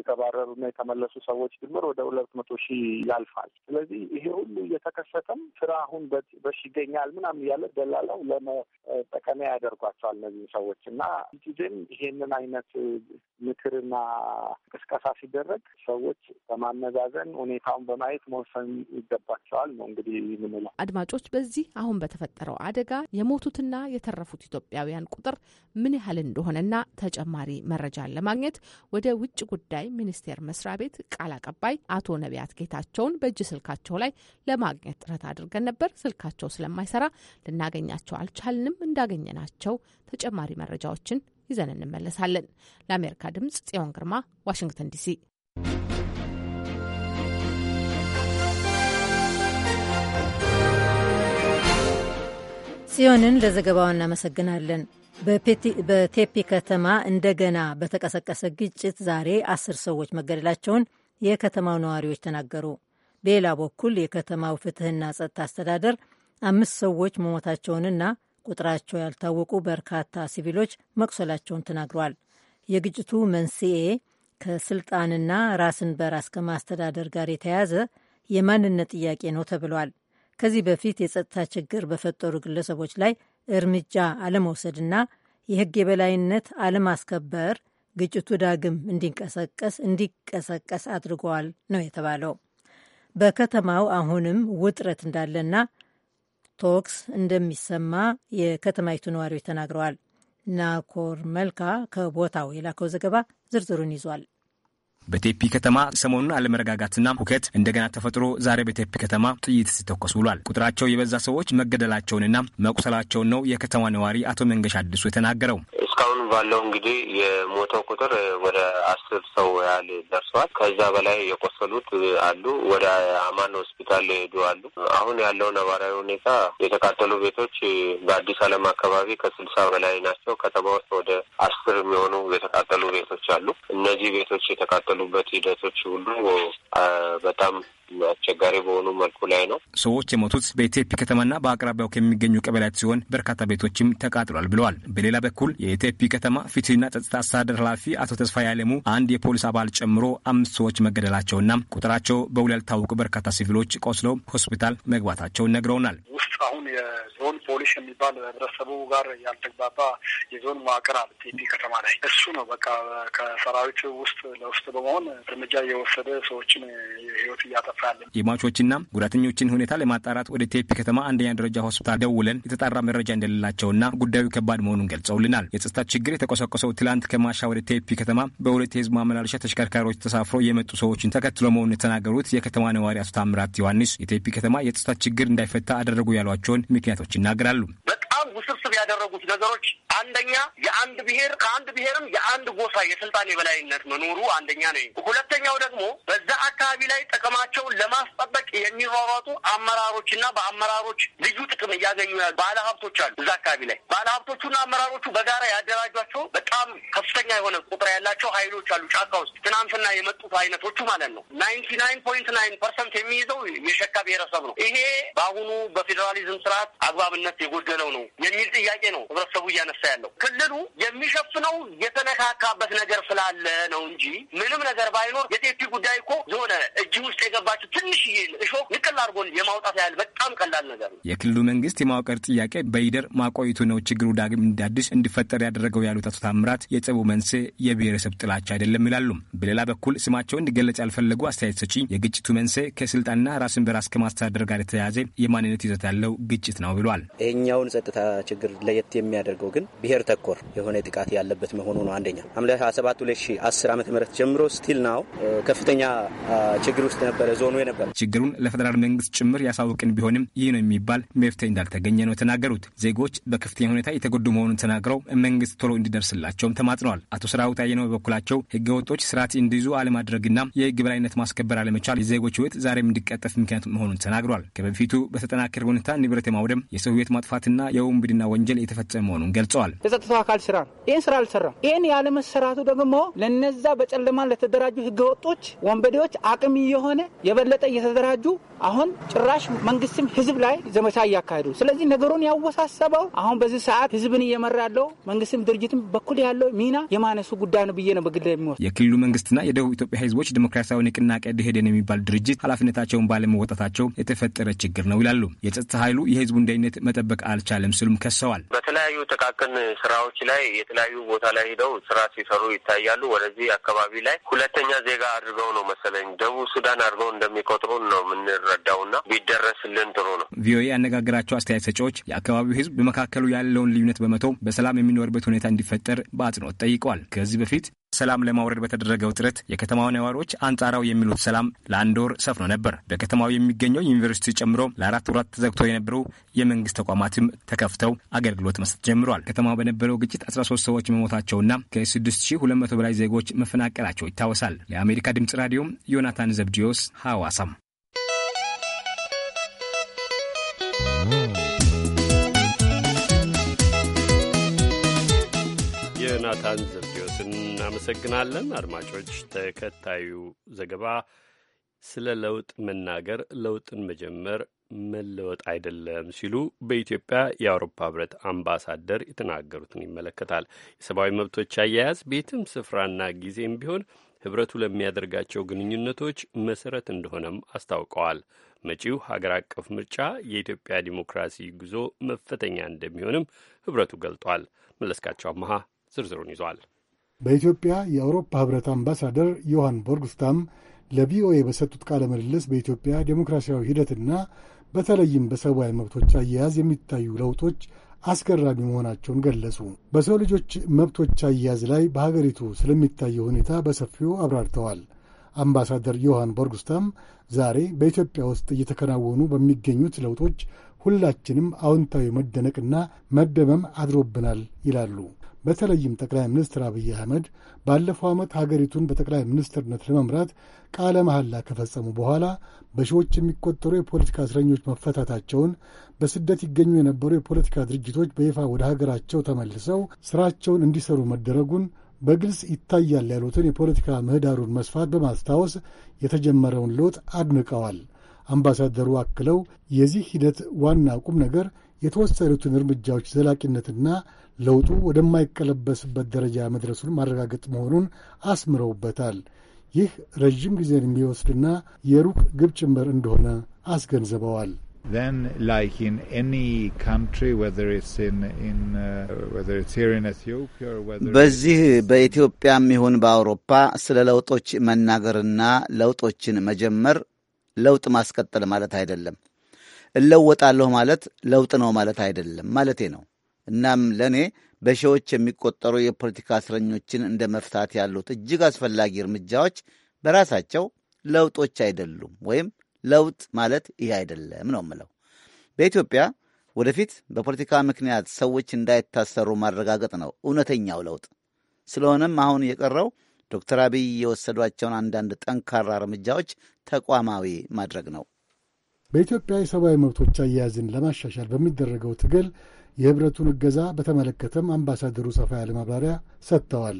የተባረሩና የተመለሱ ሰዎች ድምር ወደ ሁለት መቶ ሺህ ያልፋል። ስለዚህ ይሄ ሁሉ እየተከሰተም ስራ አሁን በሽ ይገኛል ምናምን እያለ ደላላው ለመጠቀሚያ ያደርጓቸዋል እነዚህ ሰዎች እና ጊዜም ይሄንን አይነት ምክርና ቅስቀሳ ሲደረግ ሰዎች በማመዛዘን ሁኔታውን በማየት መወሰን ይገባቸዋል ነው እንግዲህ የምንለው።
አድማጮች፣ በዚህ አሁን በተፈጠረው አደጋ የሞቱትና የተረፉት ኢትዮጵያውያን ቁጥር ምን ያህል እንደሆነና ተጨማሪ መረጃን ለማግኘት ወደ ውጭ ጉዳይ ሚኒስቴር መስሪያ ቤት ቃል አቀባይ አቶ ነቢያት ጌታቸውን በእጅ ስልካቸው ላይ ለማግኘት ጥረት አድርገን ነበር። ስልካቸው ስለማይሰራ ልናገኛቸው አልቻልንም። እንዳገኘናቸው ተጨማሪ መረጃዎችን ይዘን እንመለሳለን። ለአሜሪካ ድምጽ ጽዮን ግርማ፣ ዋሽንግተን ዲሲ።
ጽዮንን ለዘገባው እናመሰግናለን። በቴፒ ከተማ እንደገና በተቀሰቀሰ ግጭት ዛሬ አስር ሰዎች መገደላቸውን የከተማው ነዋሪዎች ተናገሩ። በሌላ በኩል የከተማው ፍትህና ጸጥታ አስተዳደር አምስት ሰዎች መሞታቸውንና ቁጥራቸው ያልታወቁ በርካታ ሲቪሎች መቁሰላቸውን ተናግሯል። የግጭቱ መንስኤ ከስልጣንና ራስን በራስ ከማስተዳደር ጋር የተያያዘ የማንነት ጥያቄ ነው ተብሏል። ከዚህ በፊት የጸጥታ ችግር በፈጠሩ ግለሰቦች ላይ እርምጃ አለመውሰድና የህግ የበላይነት አለማስከበር ግጭቱ ዳግም እንዲንቀሰቀስ እንዲቀሰቀስ አድርገዋል ነው የተባለው። በከተማው አሁንም ውጥረት እንዳለና ቶክስ እንደሚሰማ የከተማይቱ ነዋሪዎች ተናግረዋል። ናኮር መልካ ከቦታው የላከው ዘገባ ዝርዝሩን ይዟል።
በቴፒ ከተማ ሰሞኑን አለመረጋጋትና ሁከት እንደገና ተፈጥሮ ዛሬ በቴፒ ከተማ ጥይት ሲተኮስ ብሏል። ቁጥራቸው የበዛ ሰዎች መገደላቸውንና መቁሰላቸውን ነው የከተማ ነዋሪ አቶ መንገሻ አዲሱ የተናገረው።
እስካሁን ባለው እንግዲህ የሞተው ቁጥር ወደ አስር ሰው ያህል ደርሰዋል። ከዛ በላይ የቆሰሉት አሉ። ወደ አማን ሆስፒታል ሄዱ አሉ። አሁን ያለው ነባራዊ ሁኔታ የተቃጠሉ ቤቶች በአዲስ አለም አካባቢ ከስልሳ በላይ ናቸው። ከተማ ውስጥ ወደ አስር የሚሆኑ የተቃጠሉ ቤቶች አሉ። እነዚህ ቤቶች የተቃጠሉ የቆሰሉበት ሂደቶች ሁሉ በጣም አስቸጋሪ በሆኑ መልኩ ላይ ነው።
ሰዎች የሞቱት በኢቴፒ ከተማና በአቅራቢያው ከሚገኙ ቀበሌያት ሲሆን በርካታ ቤቶችም ተቃጥሏል ብለዋል። በሌላ በኩል የኢቴፒ ከተማ ፍትህና ጸጥታ አስተዳደር ኃላፊ አቶ ተስፋ ያለሙ አንድ የፖሊስ አባል ጨምሮ አምስት ሰዎች መገደላቸውና ቁጥራቸው በውል ያልታወቁ በርካታ ሲቪሎች ቆስለው ሆስፒታል መግባታቸውን ነግረውናል።
አሁን
የዞን ፖሊስ የሚባል ህብረተሰቡ ጋር ያልተግባባ የዞን መዋቅር አለ ቴፒ ከተማ ላይ እሱ ነው በቃ ከሰራዊት ውስጥ ለውስጥ በመሆን እርምጃ እየወሰደ ሰዎችን ህይወት
እያጠፋ ያለ። የሟቾችና ጉዳተኞችን ሁኔታ ለማጣራት ወደ ቴፒ ከተማ አንደኛ ደረጃ ሆስፒታል ደውለን የተጣራ መረጃ እንደሌላቸውና ጉዳዩ ከባድ መሆኑን ገልጸውልናል። የጸጥታ ችግር የተቆሰቆሰው ትላንት ከማሻ ወደ ቴፒ ከተማ በሁለት የህዝብ ማመላለሻ ተሽከርካሪዎች ተሳፍሮ የመጡ ሰዎችን ተከትሎ መሆኑን የተናገሩት የከተማ ነዋሪ አቶ ታምራት ዮሐንስ የቴፒ ከተማ የጸጥታ ችግር እንዳይፈታ አደረጉ ያሉ ያሏቸውን ምክንያቶች ይናገራሉ።
ያደረጉት ነገሮች አንደኛ የአንድ ብሔር ከአንድ ብሔርም የአንድ ጎሳ የስልጣን የበላይነት መኖሩ አንደኛ ነው። ሁለተኛው ደግሞ በዛ አካባቢ ላይ ጥቅማቸውን ለማስጠበቅ የሚሯሯጡ አመራሮችና በአመራሮች ልዩ ጥቅም እያገኙ ያሉ ባለ ሀብቶች አሉ። እዛ አካባቢ ላይ ባለ አመራሮቹ በጋራ ያደራጇቸው በጣም ከፍተኛ የሆነ ቁጥር ያላቸው ሀይሎች አሉ። ጫካ ውስጥ ትናንትና የመጡት አይነቶቹ ማለት ነው። ናይንቲ ናይን ፖይንት ናይን ፐርሰንት የሚይዘው የሸካ ብሔረሰብ ነው። ይሄ በአሁኑ በፌዴራሊዝም ስርዓት አግባብነት የጎደለው ነው የሚል ጥያቄ ጥያቄ ነው ህብረተሰቡ እያነሳ ያለው። ክልሉ የሚሸፍነው የተነካካበት ነገር ስላለ ነው እንጂ ምንም ነገር ባይኖር የቴፒ ጉዳይ እኮ የሆነ እጅ ውስጥ የገባችው ትንሽዬ እሾህ ንቅል አድርጎ የማውጣት ያህል በጣም ቀላል ነገር ነው።
የክልሉ መንግስት የማዋቀር ጥያቄ በይደር ማቆይቱ ነው ችግሩ ዳግም እንዳዲስ እንዲፈጠር ያደረገው ያሉት አቶ ታምራት የጸቡ መንስኤ የብሔረሰብ ጥላቻ አይደለም ይላሉ። በሌላ በኩል ስማቸው እንዲገለጽ ያልፈለጉ አስተያየት ሰጪ የግጭቱ መንስኤ ከስልጣንና ራስን በራስ ከማስተዳደር ጋር የተያያዘ የማንነት ይዘት ያለው ግጭት ነው ብሏል።
ይሄኛውን ጸጥታ ችግር ለየት የሚያደርገው ግን ብሔር ተኮር የሆነ ጥቃት ያለበት መሆኑ
ነው። አንደኛ ሐምሌ 27 2010 ዓ ም ጀምሮ ስቲል ናው ከፍተኛ ችግር
ውስጥ ነበረ ዞኑ የነበረ ችግሩን ለፌዴራል መንግስት ጭምር ያሳውቅን ቢሆንም ይህ ነው የሚባል መፍትሄ እንዳልተገኘ ነው የተናገሩት። ዜጎች በከፍተኛ ሁኔታ የተጎዱ መሆኑን ተናግረው መንግስት ቶሎ እንዲደርስላቸውም ተማጽነዋል። አቶ ስራውት አየነው በበኩላቸው ህገወጦች ስርዓት እንዲይዙ አለማድረግና የህግ በላይነት ማስከበር አለመቻል የዜጎች ህይወት ዛሬም እንዲቀጠፍ ምክንያት መሆኑን ተናግሯል። ከበፊቱ በተጠናከረ ሁኔታ ንብረት የማውደም የሰው ህይወት ማጥፋትና የውንብድና ወንጀል የተፈጸመ መሆኑን ገልጸዋል። የጸጥታው አካል ስራ ነው። ይህን ስራ አልሰራም። ይህን ያለመሰራቱ ደግሞ ለነዛ በጨለማ ለተደራጁ ህገወጦች ወንበዴዎች አቅም እየሆነ የበለጠ እየተደራጁ አሁን ጭራሽ መንግስትም ህዝብ ላይ ዘመቻ እያካሄዱ፣ ስለዚህ ነገሩን ያወሳሰበው አሁን በዚህ ሰዓት ህዝብን እየመራ ያለው መንግስትም ድርጅትም በኩል ያለው ሚና የማነሱ ጉዳይ ነው ብዬ ነው በግል የሚወስድ። የክልሉ መንግስትና የደቡብ ኢትዮጵያ ህዝቦች ዲሞክራሲያዊ ንቅናቄ ደኢህዴን የሚባል ድርጅት ኃላፊነታቸውን ባለመወጣታቸው የተፈጠረ ችግር ነው ይላሉ። የጸጥታ ኃይሉ የህዝቡን ደህንነት መጠበቅ አልቻለም ሲሉም ከሰዋል።
በተለያዩ ጥቃቅን ስራዎች ላይ የተለያዩ ቦታ ላይ ሄደው ስራ ሲሰሩ ይታያሉ። ወደዚህ አካባቢ ላይ ሁለተኛ ዜጋ አድርገው ነው መሰለኝ ደቡብ ሱዳን አድርገው እንደሚቆጥሩን ነው ምንር የምንረዳውና ቢደረስልን ጥሩ ነው።
ቪኦኤ ያነጋገራቸው አስተያየት ሰጪዎች የአካባቢው ህዝብ በመካከሉ ያለውን ልዩነት በመተው በሰላም የሚኖርበት ሁኔታ እንዲፈጠር በአጽንኦት ጠይቋል። ከዚህ በፊት ሰላም ለማውረድ በተደረገው ጥረት የከተማው ነዋሪዎች አንጻራዊ የሚሉት ሰላም ለአንድ ወር ሰፍኖ ነበር። በከተማው የሚገኘው ዩኒቨርሲቲ ጨምሮ ለአራት ወራት ተዘግቶ የነበሩ የመንግስት ተቋማትም ተከፍተው አገልግሎት መስጠት ጀምረዋል። ከተማው በነበረው ግጭት 13 ሰዎች መሞታቸውና ከ6200 በላይ ዜጎች መፈናቀላቸው ይታወሳል። ለአሜሪካ ድምጽ ራዲዮም ዮናታን ዘብዲዮስ ሐዋሳም
ዮናታን ዘብዲዮስን እናመሰግናለን። አድማጮች፣ ተከታዩ ዘገባ ስለ ለውጥ መናገር ለውጥን መጀመር መለወጥ አይደለም ሲሉ በኢትዮጵያ የአውሮፓ ህብረት አምባሳደር የተናገሩትን ይመለከታል። የሰብአዊ መብቶች አያያዝ ቤትም ስፍራና ጊዜም ቢሆን ህብረቱ ለሚያደርጋቸው ግንኙነቶች መሰረት እንደሆነም አስታውቀዋል። መጪው ሀገር አቀፍ ምርጫ የኢትዮጵያ ዲሞክራሲ ጉዞ መፈተኛ እንደሚሆንም ህብረቱ ገልጧል። መለስካቸው አመሃ ዝርዝሩን ይዟል።
በኢትዮጵያ የአውሮፓ ህብረት አምባሳደር ዮሐን ቦርግስታም ለቪኦኤ በሰጡት ቃለ ምልልስ በኢትዮጵያ ዴሞክራሲያዊ ሂደትና በተለይም በሰብአዊ መብቶች አያያዝ የሚታዩ ለውጦች አስገራሚ መሆናቸውን ገለጹ። በሰው ልጆች መብቶች አያያዝ ላይ በሀገሪቱ ስለሚታየው ሁኔታ በሰፊው አብራርተዋል። አምባሳደር ዮሐን ቦርግስታም ዛሬ በኢትዮጵያ ውስጥ እየተከናወኑ በሚገኙት ለውጦች ሁላችንም አዎንታዊ መደነቅና መደመም አድሮብናል ይላሉ። በተለይም ጠቅላይ ሚኒስትር አብይ አህመድ ባለፈው ዓመት ሀገሪቱን በጠቅላይ ሚኒስትርነት ለመምራት ቃለ መሐላ ከፈጸሙ በኋላ በሺዎች የሚቆጠሩ የፖለቲካ እስረኞች መፈታታቸውን፣ በስደት ይገኙ የነበሩ የፖለቲካ ድርጅቶች በይፋ ወደ ሀገራቸው ተመልሰው ስራቸውን እንዲሰሩ መደረጉን በግልጽ ይታያል ያሉትን የፖለቲካ ምህዳሩን መስፋት በማስታወስ የተጀመረውን ለውጥ አድንቀዋል። አምባሳደሩ አክለው የዚህ ሂደት ዋና ቁም ነገር የተወሰዱትን እርምጃዎች ዘላቂነትና ለውጡ ወደማይቀለበስበት ደረጃ መድረሱን ማረጋገጥ መሆኑን አስምረውበታል። ይህ ረዥም ጊዜን የሚወስድና የሩቅ ግብ ጭምር እንደሆነ አስገንዝበዋል። uh, በዚህ
በኢትዮጵያም ይሁን በአውሮፓ ስለ ለውጦች መናገርና ለውጦችን መጀመር ለውጥ ማስቀጠል ማለት አይደለም። እለወጣለሁ ማለት ለውጥ ነው ማለት አይደለም ማለቴ ነው። እናም ለእኔ በሺዎች የሚቆጠሩ የፖለቲካ እስረኞችን እንደ መፍታት ያሉት እጅግ አስፈላጊ እርምጃዎች በራሳቸው ለውጦች አይደሉም፣ ወይም ለውጥ ማለት ይህ አይደለም ነው የምለው። በኢትዮጵያ ወደፊት በፖለቲካ ምክንያት ሰዎች እንዳይታሰሩ ማረጋገጥ ነው እውነተኛው ለውጥ። ስለሆነም አሁን የቀረው ዶክተር አብይ የወሰዷቸውን አንዳንድ ጠንካራ እርምጃዎች ተቋማዊ ማድረግ ነው።
በኢትዮጵያ የሰብአዊ መብቶች አያያዝን ለማሻሻል በሚደረገው ትግል የህብረቱን እገዛ በተመለከተም አምባሳደሩ ሰፋ ያለ ማብራሪያ ሰጥተዋል።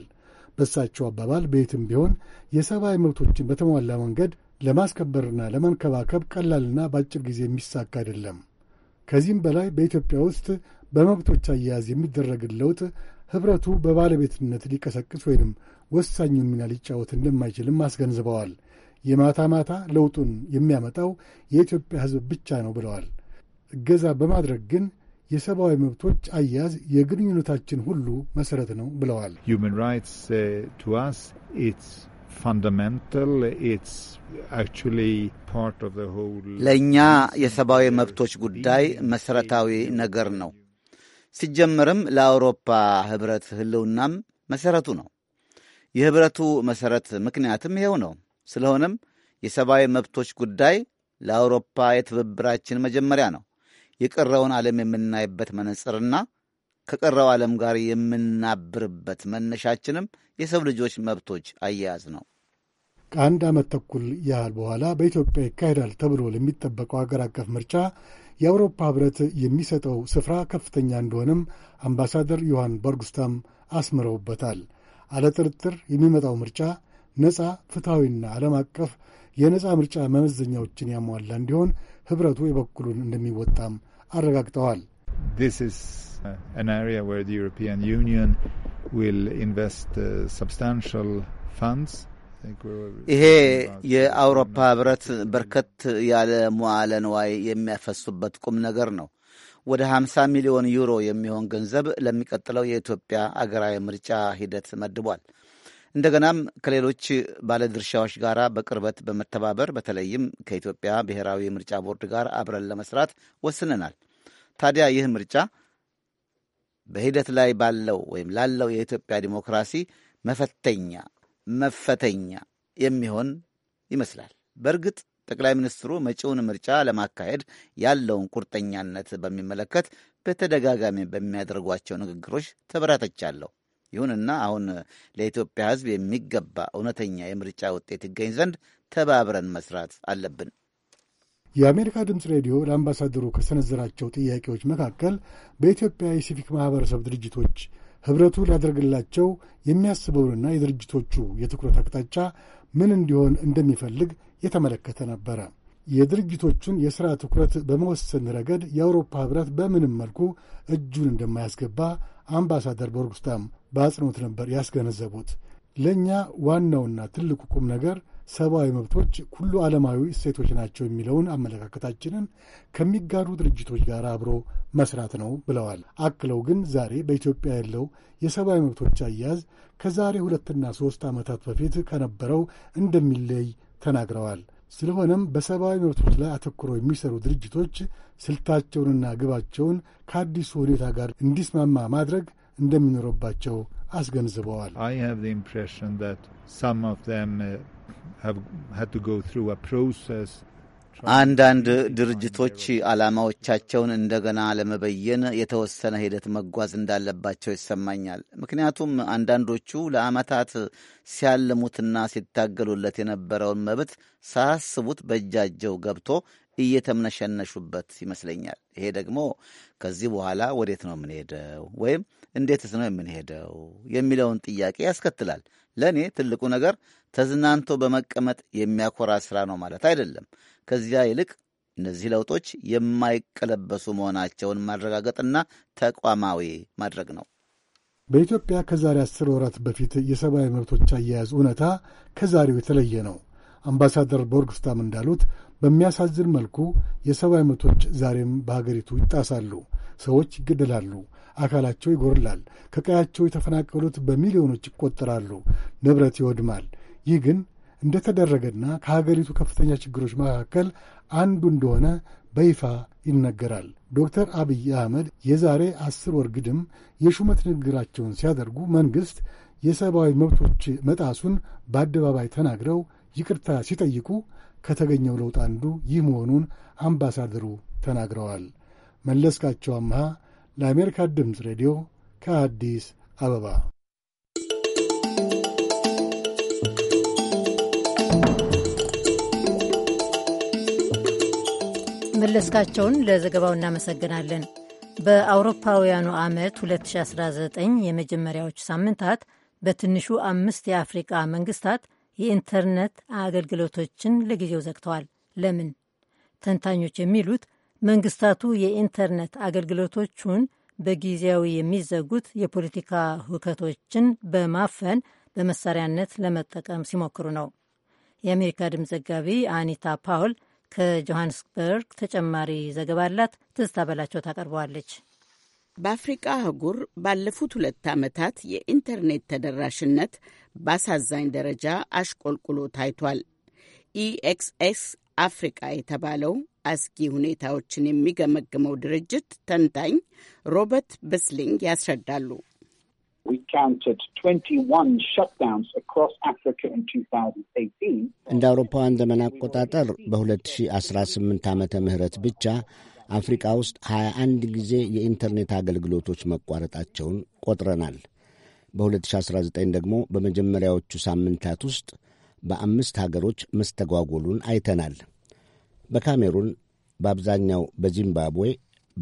በሳቸው አባባል በየትም ቢሆን የሰብአዊ መብቶችን በተሟላ መንገድ ለማስከበርና ለመንከባከብ ቀላልና በአጭር ጊዜ የሚሳካ አይደለም። ከዚህም በላይ በኢትዮጵያ ውስጥ በመብቶች አያያዝ የሚደረግን ለውጥ ኅብረቱ በባለቤትነት ሊቀሰቅስ ወይንም ወሳኙን ሚና ሊጫወት እንደማይችልም አስገንዝበዋል። የማታ ማታ ለውጡን የሚያመጣው የኢትዮጵያ ሕዝብ ብቻ ነው ብለዋል። እገዛ በማድረግ ግን የሰብአዊ መብቶች አያያዝ የግንኙነታችን ሁሉ መሰረት ነው ብለዋል። uh, ለእኛ
የሰብአዊ መብቶች ጉዳይ መሠረታዊ ነገር ነው። ሲጀመርም ለአውሮፓ ኅብረት ሕልውናም መሠረቱ ነው። የኅብረቱ መሠረት ምክንያትም ይኸው ነው። ስለሆነም የሰብአዊ መብቶች ጉዳይ ለአውሮፓ የትብብራችን መጀመሪያ ነው። የቀረውን ዓለም የምናይበት መነጽርና ከቀረው ዓለም ጋር የምናብርበት መነሻችንም የሰው ልጆች መብቶች አያያዝ ነው።
ከአንድ ዓመት ተኩል ያህል በኋላ በኢትዮጵያ ይካሄዳል ተብሎ ለሚጠበቀው አገር አቀፍ ምርጫ የአውሮፓ ህብረት የሚሰጠው ስፍራ ከፍተኛ እንደሆነም አምባሳደር ዮሐን በርጉስታም አስምረውበታል። አለጥርጥር የሚመጣው ምርጫ ነፃ ፍትሐዊና ዓለም አቀፍ የነፃ ምርጫ መመዘኛዎችን ያሟላ እንዲሆን ኅብረቱ የበኩሉን እንደሚወጣም አረጋግጠዋል። uh, uh, ይሄ
የአውሮፓ ህብረት በርከት ያለ መዋለ ንዋይ የሚያፈሱበት ቁም ነገር ነው። ወደ 50 ሚሊዮን ዩሮ የሚሆን ገንዘብ ለሚቀጥለው የኢትዮጵያ አገራዊ ምርጫ ሂደት መድቧል። እንደገናም ከሌሎች ባለድርሻዎች ጋር በቅርበት በመተባበር በተለይም ከኢትዮጵያ ብሔራዊ ምርጫ ቦርድ ጋር አብረን ለመስራት ወስነናል። ታዲያ ይህ ምርጫ በሂደት ላይ ባለው ወይም ላለው የኢትዮጵያ ዲሞክራሲ መፈተኛ መፈተኛ የሚሆን ይመስላል። በእርግጥ ጠቅላይ ሚኒስትሩ መጪውን ምርጫ ለማካሄድ ያለውን ቁርጠኛነት በሚመለከት በተደጋጋሚ በሚያደርጓቸው ንግግሮች ተበራተቻለሁ። ይሁንና አሁን ለኢትዮጵያ ሕዝብ የሚገባ እውነተኛ የምርጫ ውጤት ይገኝ ዘንድ ተባብረን መስራት አለብን።
የአሜሪካ ድምፅ ሬዲዮ ለአምባሳደሩ ከሰነዘራቸው ጥያቄዎች መካከል በኢትዮጵያ የሲቪክ ማህበረሰብ ድርጅቶች ኅብረቱ ሊያደርግላቸው የሚያስበውንና የድርጅቶቹ የትኩረት አቅጣጫ ምን እንዲሆን እንደሚፈልግ የተመለከተ ነበረ። የድርጅቶቹን የሥራ ትኩረት በመወሰን ረገድ የአውሮፓ ኅብረት በምንም መልኩ እጁን እንደማያስገባ አምባሳደር በርጉስታም በአጽንኦት ነበር ያስገነዘቡት። ለእኛ ዋናውና ትልቁ ቁም ነገር ሰብአዊ መብቶች ሁሉ ዓለማዊ እሴቶች ናቸው የሚለውን አመለካከታችንን ከሚጋሩ ድርጅቶች ጋር አብሮ መስራት ነው ብለዋል። አክለው ግን ዛሬ በኢትዮጵያ ያለው የሰብአዊ መብቶች አያያዝ ከዛሬ ሁለትና ሦስት ዓመታት በፊት ከነበረው እንደሚለይ ተናግረዋል። ስለሆነም በሰብአዊ መብቶች ላይ አተኩረው የሚሰሩ ድርጅቶች ስልታቸውንና ግባቸውን ከአዲሱ ሁኔታ ጋር እንዲስማማ ማድረግ እንደሚኖርባቸው አስገንዝበዋል። uh,
አንዳንድ ድርጅቶች ዓላማዎቻቸውን እንደገና ለመበየን የተወሰነ ሂደት መጓዝ እንዳለባቸው ይሰማኛል። ምክንያቱም አንዳንዶቹ ለዓመታት ሲያልሙትና ሲታገሉለት የነበረውን መብት ሳያስቡት በእጃቸው ገብቶ እየተምነሸነሹበት ይመስለኛል። ይሄ ደግሞ ከዚህ በኋላ ወዴት ነው የምንሄደው ወይም እንዴትስ ነው የምንሄደው የሚለውን ጥያቄ ያስከትላል። ለእኔ ትልቁ ነገር ተዝናንቶ በመቀመጥ የሚያኮራ ስራ ነው ማለት አይደለም። ከዚያ ይልቅ እነዚህ ለውጦች የማይቀለበሱ መሆናቸውን ማረጋገጥና ተቋማዊ ማድረግ ነው።
በኢትዮጵያ ከዛሬ አስር ወራት በፊት የሰብአዊ መብቶች አያያዝ እውነታ ከዛሬው የተለየ ነው። አምባሳደር ቦርግስታም እንዳሉት በሚያሳዝን መልኩ የሰብአዊ መብቶች ዛሬም በሀገሪቱ ይጣሳሉ። ሰዎች ይገደላሉ። አካላቸው ይጎርላል። ከቀያቸው የተፈናቀሉት በሚሊዮኖች ይቆጠራሉ። ንብረት ይወድማል። ይህ ግን እንደተደረገና ከሀገሪቱ ከፍተኛ ችግሮች መካከል አንዱ እንደሆነ በይፋ ይነገራል። ዶክተር አብይ አህመድ የዛሬ አስር ወር ግድም የሹመት ንግግራቸውን ሲያደርጉ መንግሥት የሰብአዊ መብቶች መጣሱን በአደባባይ ተናግረው ይቅርታ ሲጠይቁ ከተገኘው ለውጥ አንዱ ይህ መሆኑን አምባሳደሩ ተናግረዋል። መለስካቸው አምሃ ለአሜሪካ ድምፅ ሬዲዮ ከአዲስ አበባ
መለስካቸውን ለዘገባው እናመሰግናለን። በአውሮፓውያኑ ዓመት 2019 የመጀመሪያዎቹ ሳምንታት በትንሹ አምስት የአፍሪቃ መንግስታት የኢንተርኔት አገልግሎቶችን ለጊዜው ዘግተዋል። ለምን? ተንታኞች የሚሉት መንግስታቱ የኢንተርኔት አገልግሎቶቹን በጊዜያዊ የሚዘጉት የፖለቲካ ሁከቶችን በማፈን በመሳሪያነት ለመጠቀም ሲሞክሩ ነው። የአሜሪካ ድምፅ ዘጋቢ አኒታ ፓውል ከጆሃንስበርግ ተጨማሪ ዘገባ አላት። ትዝታ በላቸው ታቀርበዋለች። በአፍሪቃ አህጉር ባለፉት ሁለት ዓመታት የኢንተርኔት ተደራሽነት
በአሳዛኝ ደረጃ አሽቆልቁሎ ታይቷል። ኢኤክስኤስ አፍሪቃ የተባለው አስጊ ሁኔታዎችን የሚገመግመው ድርጅት ተንታኝ ሮበርት ብስሊንግ ያስረዳሉ።
እንደ አውሮፓውያን ዘመን አቆጣጠር በ2018 ዓመተ ምህረት ብቻ አፍሪቃ ውስጥ 21 ጊዜ የኢንተርኔት አገልግሎቶች መቋረጣቸውን ቆጥረናል። በ2019 ደግሞ በመጀመሪያዎቹ ሳምንታት ውስጥ በአምስት ሀገሮች መስተጓጎሉን አይተናል። በካሜሩን፣ በአብዛኛው በዚምባብዌ፣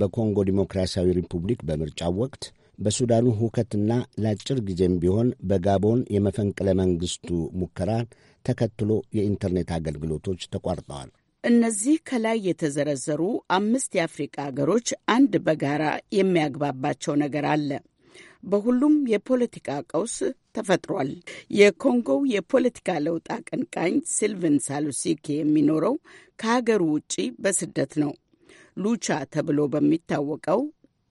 በኮንጎ ዲሞክራሲያዊ ሪፑብሊክ በምርጫው ወቅት፣ በሱዳኑ ሁከትና ለአጭር ጊዜም ቢሆን በጋቦን የመፈንቅለ መንግሥቱ ሙከራ ተከትሎ የኢንተርኔት አገልግሎቶች ተቋርጠዋል።
እነዚህ ከላይ የተዘረዘሩ አምስት የአፍሪቃ አገሮች አንድ በጋራ የሚያግባባቸው ነገር አለ። በሁሉም የፖለቲካ ቀውስ ተፈጥሯል። የኮንጎው የፖለቲካ ለውጥ አቀንቃኝ ሲልቨን ሳሉሲኪ የሚኖረው ከሀገሩ ውጪ በስደት ነው። ሉቻ ተብሎ በሚታወቀው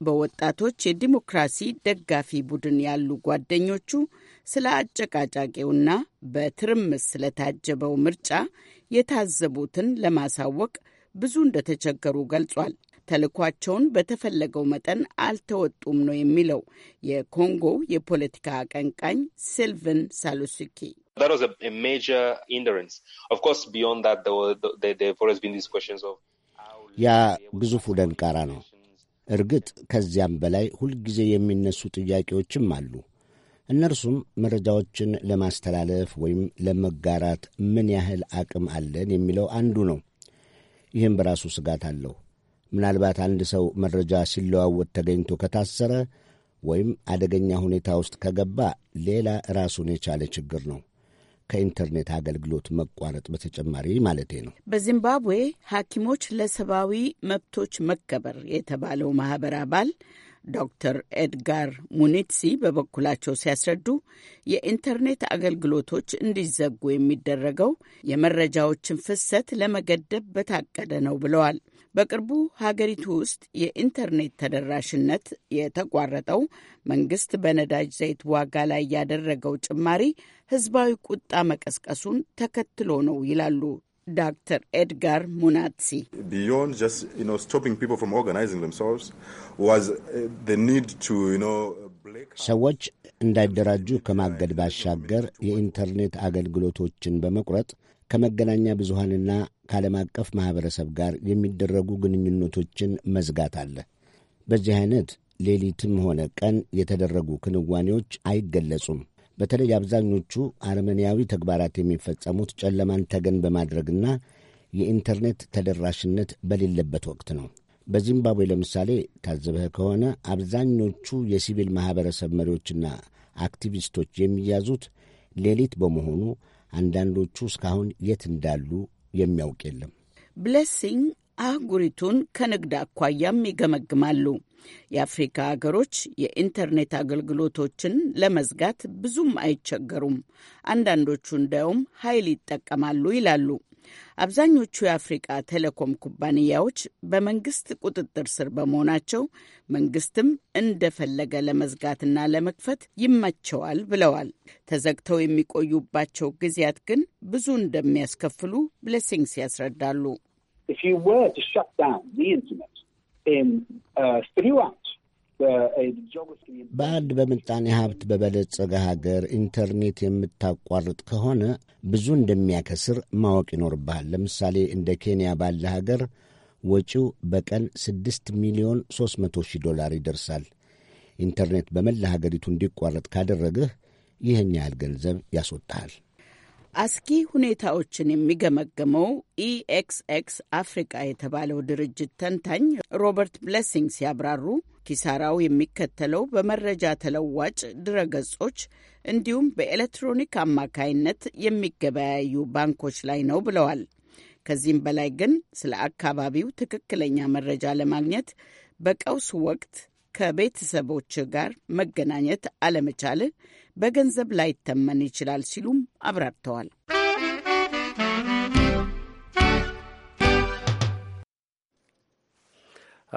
በወጣቶች የዲሞክራሲ ደጋፊ ቡድን ያሉ ጓደኞቹ ስለ አጨቃጫቂውና በትርምስ ስለታጀበው ምርጫ የታዘቡትን ለማሳወቅ ብዙ እንደተቸገሩ ገልጿል። ተልኳቸውን በተፈለገው መጠን አልተወጡም ነው የሚለው የኮንጎ የፖለቲካ አቀንቃኝ ሲልቨን
ሳሉስኪ። ያ ግዙፉ ደንቃራ ነው። እርግጥ ከዚያም በላይ ሁልጊዜ የሚነሱ ጥያቄዎችም አሉ። እነርሱም መረጃዎችን ለማስተላለፍ ወይም ለመጋራት ምን ያህል አቅም አለን የሚለው አንዱ ነው። ይህም በራሱ ስጋት አለው። ምናልባት አንድ ሰው መረጃ ሲለዋወጥ ተገኝቶ ከታሰረ ወይም አደገኛ ሁኔታ ውስጥ ከገባ ሌላ ራሱን የቻለ ችግር ነው። ከኢንተርኔት አገልግሎት መቋረጥ በተጨማሪ ማለቴ ነው።
በዚምባብዌ ሐኪሞች ለሰብአዊ መብቶች መከበር የተባለው ማህበር አባል ዶክተር ኤድጋር ሙኒትሲ በበኩላቸው ሲያስረዱ የኢንተርኔት አገልግሎቶች እንዲዘጉ የሚደረገው የመረጃዎችን ፍሰት ለመገደብ በታቀደ ነው ብለዋል። በቅርቡ ሀገሪቱ ውስጥ የኢንተርኔት ተደራሽነት የተቋረጠው መንግስት በነዳጅ ዘይት ዋጋ ላይ ያደረገው ጭማሪ ህዝባዊ ቁጣ መቀስቀሱን ተከትሎ ነው ይላሉ ዳክተር
ኤድጋር ሙናትሲ
ሰዎች እንዳይደራጁ ከማገድ ባሻገር የኢንተርኔት አገልግሎቶችን በመቁረጥ ከመገናኛ ብዙሃንና ከዓለም አቀፍ ማኅበረሰብ ጋር የሚደረጉ ግንኙነቶችን መዝጋት አለ። በዚህ አይነት ሌሊትም ሆነ ቀን የተደረጉ ክንዋኔዎች አይገለጹም። በተለይ አብዛኞቹ አርመንያዊ ተግባራት የሚፈጸሙት ጨለማን ተገን በማድረግና የኢንተርኔት ተደራሽነት በሌለበት ወቅት ነው። በዚምባብዌ ለምሳሌ ታዘበህ ከሆነ አብዛኞቹ የሲቪል ማኅበረሰብ መሪዎችና አክቲቪስቶች የሚያዙት ሌሊት በመሆኑ አንዳንዶቹ እስካሁን የት እንዳሉ የሚያውቅ የለም።
ብሌሲንግ አህጉሪቱን ከንግድ አኳያም ይገመግማሉ። የአፍሪካ አገሮች የኢንተርኔት አገልግሎቶችን ለመዝጋት ብዙም አይቸገሩም። አንዳንዶቹ እንዲያውም ኃይል ይጠቀማሉ ይላሉ። አብዛኞቹ የአፍሪቃ ቴሌኮም ኩባንያዎች በመንግስት ቁጥጥር ስር በመሆናቸው መንግስትም እንደፈለገ ለመዝጋትና ለመክፈት ይመቸዋል ብለዋል። ተዘግተው የሚቆዩባቸው ጊዜያት ግን ብዙ እንደሚያስከፍሉ ብለሲንግስ ያስረዳሉ።
if you were to shut down the internet in uh, throughout
በአንድ በምጣኔ ሀብት በበለጸገ ሀገር ኢንተርኔት የምታቋርጥ ከሆነ ብዙ እንደሚያከስር ማወቅ ይኖርብሃል። ለምሳሌ እንደ ኬንያ ባለ ሀገር ወጪው በቀን 6 ሚሊዮን 300 ሺህ ዶላር ይደርሳል። ኢንተርኔት በመላ ሀገሪቱ እንዲቋረጥ ካደረግህ ይህን ያህል ገንዘብ ያስወጣሃል።
አስጊ ሁኔታዎችን የሚገመገመው ኢኤክስኤክስ e አፍሪቃ የተባለው ድርጅት ተንታኝ ሮበርት ብለሲንግ ሲያብራሩ ኪሳራው የሚከተለው በመረጃ ተለዋጭ ድረገጾች እንዲሁም በኤሌክትሮኒክ አማካይነት የሚገበያዩ ባንኮች ላይ ነው ብለዋል። ከዚህም በላይ ግን ስለ አካባቢው ትክክለኛ መረጃ ለማግኘት በቀውስ ወቅት ከቤተሰቦች ጋር መገናኘት አለመቻልህ በገንዘብ ላይተመን ይችላል ሲሉም አብራርተዋል።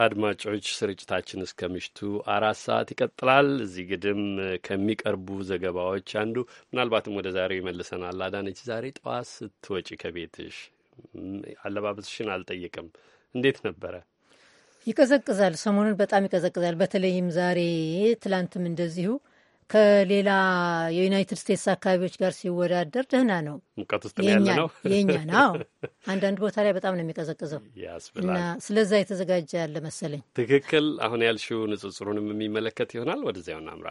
አድማጮች ስርጭታችን እስከ ምሽቱ አራት ሰዓት ይቀጥላል። እዚህ ግድም ከሚቀርቡ ዘገባዎች አንዱ ምናልባትም ወደ ዛሬው ይመልሰናል። አዳነች፣ ዛሬ ጠዋት ስትወጪ ከቤትሽ አለባበስሽን አልጠየቅም፣ እንዴት ነበረ?
ይቀዘቅዛል፣ ሰሞኑን በጣም ይቀዘቅዛል። በተለይም ዛሬ፣ ትላንትም እንደዚሁ ከሌላ የዩናይትድ ስቴትስ አካባቢዎች ጋር ሲወዳደር ደህና ነው።
ሙቀት ውስጥ ያለ ነው *laughs* የኛ ነው።
አንዳንድ ቦታ ላይ በጣም ነው የሚቀዘቅዘው እና ስለዛ የተዘጋጀ ያለ መሰለኝ።
ትክክል። አሁን ያልሽው ንጽጽሩንም የሚመለከት ይሆናል። ወደዚያው እናምራ።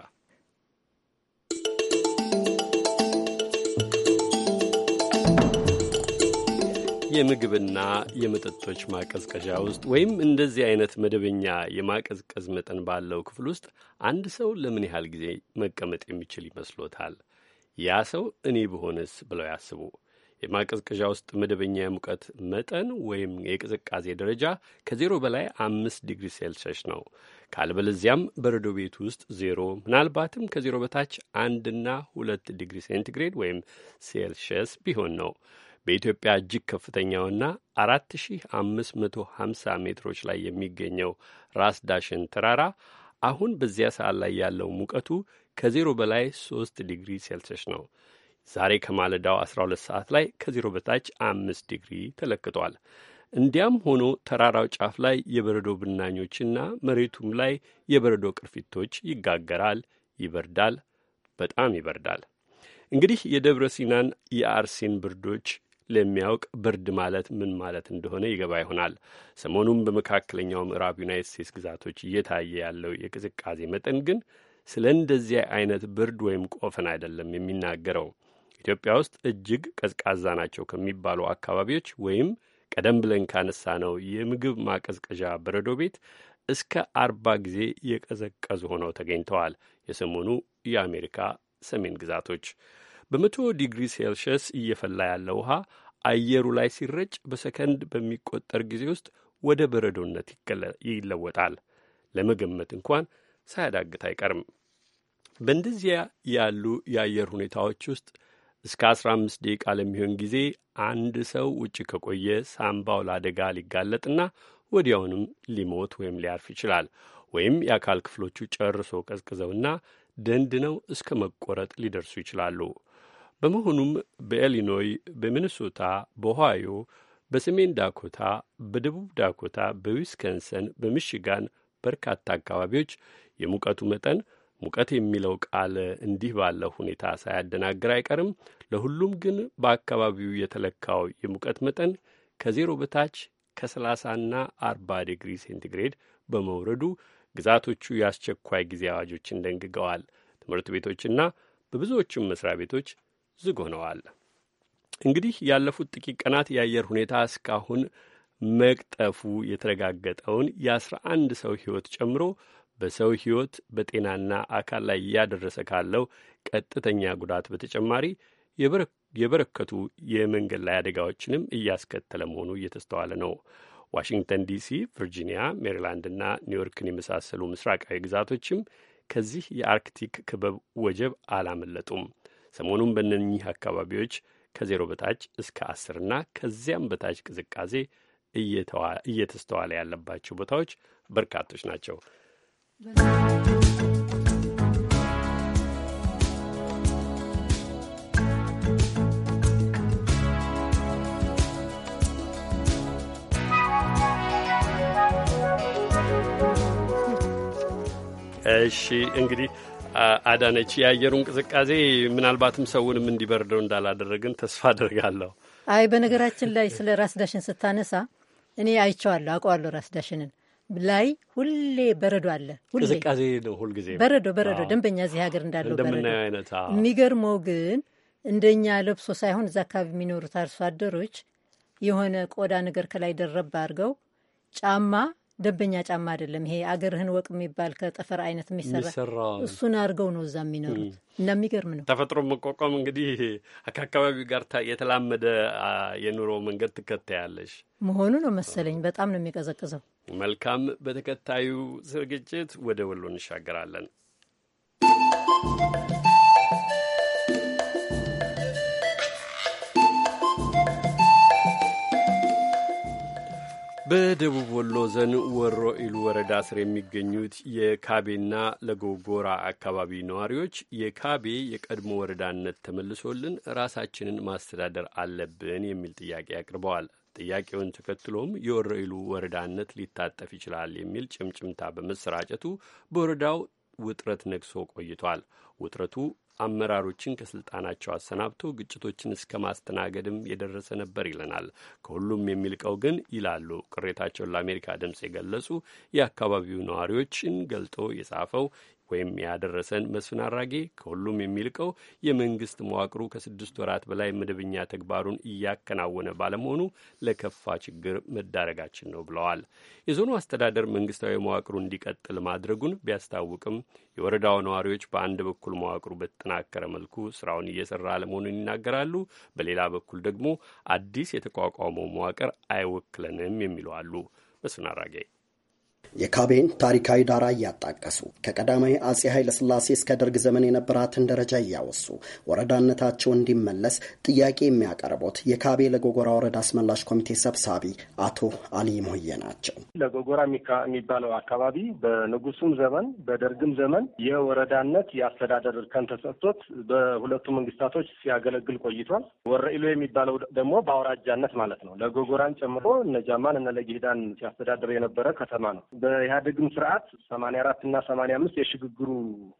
የምግብና የመጠጦች ማቀዝቀዣ ውስጥ ወይም እንደዚህ አይነት መደበኛ የማቀዝቀዝ መጠን ባለው ክፍል ውስጥ አንድ ሰው ለምን ያህል ጊዜ መቀመጥ የሚችል ይመስሎታል? ያ ሰው እኔ ብሆንስ ብለው ያስቡ። የማቀዝቀዣ ውስጥ መደበኛ የሙቀት መጠን ወይም የቅዝቃዜ ደረጃ ከዜሮ በላይ አምስት ዲግሪ ሴልሸስ ነው። ካልበለዚያም በረዶ ቤት ውስጥ ዜሮ ምናልባትም ከዜሮ በታች አንድና ሁለት ዲግሪ ሴንቲግሬድ ወይም ሴልሸስ ቢሆን ነው። በኢትዮጵያ እጅግ ከፍተኛውና ሀምሳ ሜትሮች ላይ የሚገኘው ራስ ዳሽን ተራራ አሁን በዚያ ሰዓት ላይ ያለው ሙቀቱ ከዜሮ በላይ 3 ዲግሪ ሴልሲየስ ነው። ዛሬ ከማለዳው 12 ሰዓት ላይ ከዜሮ በታች አምስት ዲግሪ ተለክቷል። እንዲያም ሆኖ ተራራው ጫፍ ላይ የበረዶ ብናኞችና መሬቱም ላይ የበረዶ ቅርፊቶች ይጋገራል። ይበርዳል፣ በጣም ይበርዳል። እንግዲህ የደብረ ሲናን የአርሲን ብርዶች ለሚያውቅ ብርድ ማለት ምን ማለት እንደሆነ ይገባ ይሆናል። ሰሞኑን በመካከለኛው ምዕራብ ዩናይት ስቴትስ ግዛቶች እየታየ ያለው የቅዝቃዜ መጠን ግን ስለ እንደዚያ አይነት ብርድ ወይም ቆፈን አይደለም የሚናገረው። ኢትዮጵያ ውስጥ እጅግ ቀዝቃዛ ናቸው ከሚባሉ አካባቢዎች ወይም ቀደም ብለን ካነሳ ነው የምግብ ማቀዝቀዣ በረዶ ቤት እስከ አርባ ጊዜ የቀዘቀዙ ሆነው ተገኝተዋል የሰሞኑ የአሜሪካ ሰሜን ግዛቶች። በመቶ ዲግሪ ሴልሽየስ እየፈላ ያለ ውሃ አየሩ ላይ ሲረጭ በሰከንድ በሚቆጠር ጊዜ ውስጥ ወደ በረዶነት ይለወጣል። ለመገመት እንኳን ሳያዳግት አይቀርም። በእንደዚያ ያሉ የአየር ሁኔታዎች ውስጥ እስከ 15 ደቂቃ ለሚሆን ጊዜ አንድ ሰው ውጭ ከቆየ ሳምባው ለአደጋ ሊጋለጥና ወዲያውንም ሊሞት ወይም ሊያርፍ ይችላል። ወይም የአካል ክፍሎቹ ጨርሶ ቀዝቅዘውና ደንድነው እስከ መቆረጥ ሊደርሱ ይችላሉ። በመሆኑም በኢሊኖይ፣ በሚኒሶታ፣ በኦሃዮ፣ በሰሜን ዳኮታ፣ በደቡብ ዳኮታ፣ በዊስከንሰን፣ በሚሽጋን በርካታ አካባቢዎች የሙቀቱ መጠን ሙቀት የሚለው ቃል እንዲህ ባለው ሁኔታ ሳያደናግር አይቀርም። ለሁሉም ግን በአካባቢው የተለካው የሙቀት መጠን ከዜሮ በታች ከ30ና 40 ዲግሪ ሴንቲግሬድ በመውረዱ ግዛቶቹ የአስቸኳይ ጊዜ አዋጆችን ደንግገዋል። ትምህርት ቤቶችና በብዙዎቹም መስሪያ ቤቶች ዝግ ሆነዋል። እንግዲህ ያለፉት ጥቂት ቀናት የአየር ሁኔታ እስካሁን መቅጠፉ የተረጋገጠውን የአስራ አንድ ሰው ሕይወት ጨምሮ በሰው ሕይወት በጤናና አካል ላይ እያደረሰ ካለው ቀጥተኛ ጉዳት በተጨማሪ የበረከቱ የመንገድ ላይ አደጋዎችንም እያስከተለ መሆኑ እየተስተዋለ ነው። ዋሽንግተን ዲሲ፣ ቨርጂኒያ፣ ሜሪላንድና ኒውዮርክን የመሳሰሉ ምስራቃዊ ግዛቶችም ከዚህ የአርክቲክ ክበብ ወጀብ አላመለጡም። ሰሞኑን በእነኚህ አካባቢዎች ከዜሮ በታች እስከ አስርና ከዚያም በታች ቅዝቃዜ እየተስተዋለ ያለባቸው ቦታዎች በርካቶች ናቸው። እሺ እንግዲህ አዳነች፣ የአየሩ እንቅስቃሴ ምናልባትም ሰውንም እንዲበርደው እንዳላደረግን ተስፋ አድርጋለሁ
አይ በነገራችን ላይ ስለ ራስ ዳሽን ስታነሳ እኔ አይቼዋለሁ፣ አውቀዋለሁ። ራስ ዳሽንን ላይ ሁሌ በረዶ አለ፣ ቅዝቃዜ
ነው ሁልጊዜ በረዶ በረዶ፣ ደንበኛ እዚህ ሀገር እንዳለው በረዶ።
የሚገርመው ግን እንደኛ ለብሶ ሳይሆን እዛ አካባቢ የሚኖሩት አርሶ አደሮች የሆነ ቆዳ ነገር ከላይ ደረብ አድርገው ጫማ ደበኛ ጫማ አይደለም ይሄ አገርህን ወቅ የሚባል ከጠፈር አይነት የሚሰራ እሱን አድርገው ነው እዛ የሚኖሩት እና የሚገርም ነው።
ተፈጥሮ መቋቋም እንግዲህ ከአካባቢው ጋር የተላመደ የኑሮ መንገድ ትከታያለሽ
መሆኑ ነው መሰለኝ። በጣም ነው የሚቀዘቅዘው።
መልካም። በተከታዩ ዝግጅት ወደ ወሎ እንሻገራለን። በደቡብ ወሎ ዞን ወሮ ኢሉ ወረዳ ስር የሚገኙት የካቤና ለጎጎራ አካባቢ ነዋሪዎች የካቤ የቀድሞ ወረዳነት ተመልሶልን ራሳችንን ማስተዳደር አለብን የሚል ጥያቄ አቅርበዋል። ጥያቄውን ተከትሎም የወሮ ኢሉ ወረዳነት ሊታጠፍ ይችላል የሚል ጭምጭምታ በመሰራጨቱ በወረዳው ውጥረት ነግሶ ቆይቷል። ውጥረቱ አመራሮችን ከስልጣናቸው አሰናብቶ ግጭቶችን እስከ ማስተናገድም የደረሰ ነበር ይለናል። ከሁሉም የሚልቀው ግን ይላሉ ቅሬታቸውን ለአሜሪካ ድምፅ የገለጹ የአካባቢው ነዋሪዎችን ገልጦ የጻፈው ወይም ያደረሰን መስፍን አራጌ ከሁሉም የሚልቀው የመንግስት መዋቅሩ ከስድስት ወራት በላይ መደበኛ ተግባሩን እያከናወነ ባለመሆኑ ለከፋ ችግር መዳረጋችን ነው ብለዋል። የዞኑ አስተዳደር መንግስታዊ መዋቅሩ እንዲቀጥል ማድረጉን ቢያስታውቅም የወረዳው ነዋሪዎች በአንድ በኩል መዋቅሩ በተጠናከረ መልኩ ስራውን እየሰራ አለመሆኑን ይናገራሉ። በሌላ በኩል ደግሞ አዲስ የተቋቋመው መዋቅር አይወክለንም የሚለዋሉ መስፍን አራጌ
የካቤን ታሪካዊ ዳራ እያጣቀሱ ከቀዳማዊ አጼ ኃይለ ሥላሴ እስከ ደርግ ዘመን የነበራትን ደረጃ እያወሱ ወረዳነታቸው እንዲመለስ ጥያቄ የሚያቀርቡት የካቤ ለጎጎራ ወረዳ አስመላሽ ኮሚቴ ሰብሳቢ አቶ አሊ ሞዬ ናቸው።
ለጎጎራ የሚባለው አካባቢ በንጉሱም ዘመን በደርግም ዘመን የወረዳነት የአስተዳደር እርከን ተሰጥቶት በሁለቱ መንግስታቶች ሲያገለግል ቆይቷል። ወረኢሎ የሚባለው ደግሞ በአውራጃነት ማለት ነው። ለጎጎራን ጨምሮ እነ ጃማን እነ ሲያስተዳደር የነበረ ከተማ ነው። በኢህአዴግም ስርዓት ሰማንያ አራት እና ሰማንያ አምስት የሽግግሩ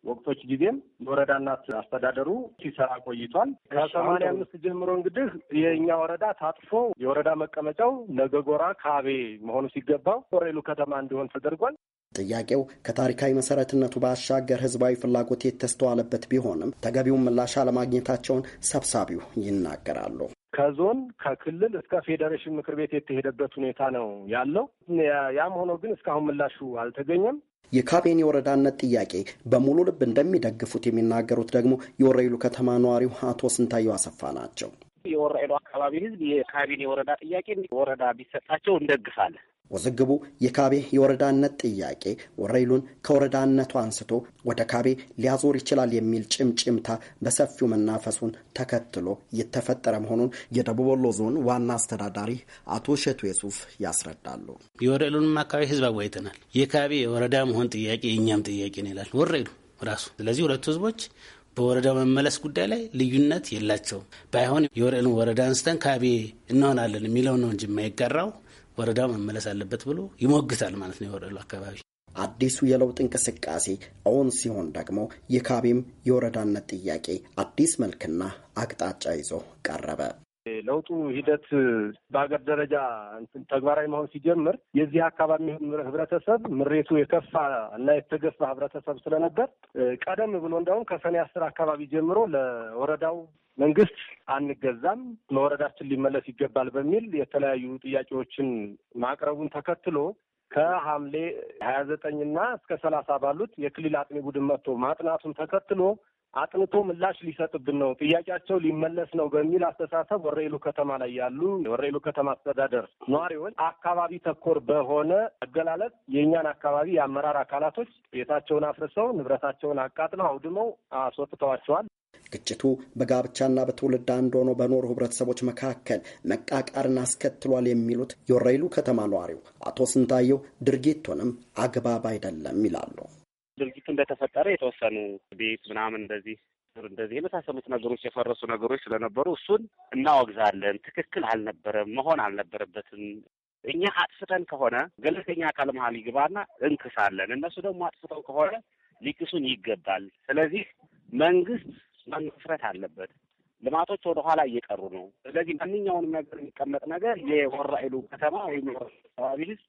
ወቅቶች ጊዜም የወረዳ አስተዳደሩ ሲሰራ ቆይቷል። ከሰማንያ አምስት ጀምሮ እንግዲህ የእኛ ወረዳ ታጥፎ የወረዳ መቀመጫው ነገጎራ ካቤ መሆኑ ሲገባው ኦሬሉ ከተማ እንዲሆን ተደርጓል።
ጥያቄው ከታሪካዊ መሰረትነቱ ባሻገር ህዝባዊ ፍላጎት የተስተዋለበት ቢሆንም ተገቢውን ምላሽ አለማግኘታቸውን ሰብሳቢው ይናገራሉ።
ከዞን ከክልል እስከ ፌዴሬሽን ምክር ቤት የተሄደበት ሁኔታ ነው ያለው። ያም ሆኖ ግን እስካሁን ምላሹ አልተገኘም።
የካቤኔ ወረዳነት ጥያቄ በሙሉ ልብ እንደሚደግፉት የሚናገሩት ደግሞ የወረኢሉ ከተማ ነዋሪው አቶ ስንታየው አሰፋ ናቸው።
የወረኢሉ አካባቢ ህዝብ የካቢኔ ወረዳ ጥያቄ ወረዳ ቢሰጣቸው እንደግፋለን
ውዝግቡ የካቤ የወረዳነት ጥያቄ ወረይሉን ከወረዳነቱ አንስቶ ወደ ካቤ ሊያዞር ይችላል የሚል ጭምጭምታ በሰፊው መናፈሱን ተከትሎ የተፈጠረ መሆኑን የደቡብ ወሎ ዞን ዋና አስተዳዳሪ አቶ ሸቱ የሱፍ ያስረዳሉ።
የወረይሉን አካባቢ ህዝብ አዋይተናል። የካቤ የወረዳ መሆን ጥያቄ የእኛም ጥያቄ ነው ይላል ወረይሉ ራሱ። ስለዚህ ሁለቱ ህዝቦች በወረዳ መመለስ ጉዳይ ላይ ልዩነት የላቸውም። ባይሆን የወረይሉን ወረዳ አንስተን ካቤ እንሆናለን የሚለው ነው እንጂ የማይጋራው ወረዳ መመለስ አለበት ብሎ ይሞግታል ማለት ነው የወረዳው አካባቢ።
አዲሱ የለውጥ እንቅስቃሴ እውን ሲሆን ደግሞ የካቢም የወረዳነት ጥያቄ አዲስ መልክና አቅጣጫ ይዞ ቀረበ።
ለውጡ ሂደት በሀገር ደረጃ ተግባራዊ መሆን ሲጀምር የዚህ አካባቢ ህብረተሰብ ምሬቱ የከፋ እና የተገፋ ህብረተሰብ ስለነበር ቀደም ብሎ እንደውም ከሰኔ አስር አካባቢ ጀምሮ ለወረዳው መንግስት አንገዛም፣ መወረዳችን ሊመለስ ይገባል በሚል የተለያዩ ጥያቄዎችን ማቅረቡን ተከትሎ ከሐምሌ ሀያ ዘጠኝና እስከ ሰላሳ ባሉት የክልል አጥኚ ቡድን መጥቶ ማጥናቱን ተከትሎ አጥንቶ ምላሽ ሊሰጥብን ነው፣ ጥያቄያቸው ሊመለስ ነው በሚል አስተሳሰብ ወረኢሉ ከተማ ላይ ያሉ የወረኢሉ ከተማ አስተዳደር ነዋሪዎች አካባቢ ተኮር በሆነ አገላለጽ የእኛን አካባቢ የአመራር አካላቶች ቤታቸውን አፍርሰው ንብረታቸውን አቃጥለው አውድመው አስወጥተዋቸዋል።
ግጭቱ በጋብቻና በትውልድ አንድ ሆኖ በኖሩ ህብረተሰቦች መካከል መቃቃርን አስከትሏል የሚሉት የወረይሉ ከተማ ነዋሪው አቶ ስንታየው ድርጊቱንም አግባብ አይደለም ይላሉ።
ድርጊት እንደተፈጠረ የተወሰኑ ቤት ምናምን እንደዚህ እንደዚህ የመሳሰሉት ነገሮች የፈረሱ ነገሮች ስለነበሩ እሱን እናወግዛለን። ትክክል አልነበረም፣ መሆን አልነበረበትም። እኛ አጥፍተን ከሆነ ገለተኛ አካል መሀል ይግባና እንክሳለን። እነሱ ደግሞ አጥፍተው ከሆነ ሊክሱን ይገባል። ስለዚህ መንግስት መመስረት አለበት። ልማቶች ወደኋላ እየቀሩ ነው። ስለዚህ ማንኛውንም ነገር የሚቀመጥ ነገር የወራይሉ ከተማ ወይም አካባቢ ህዝብ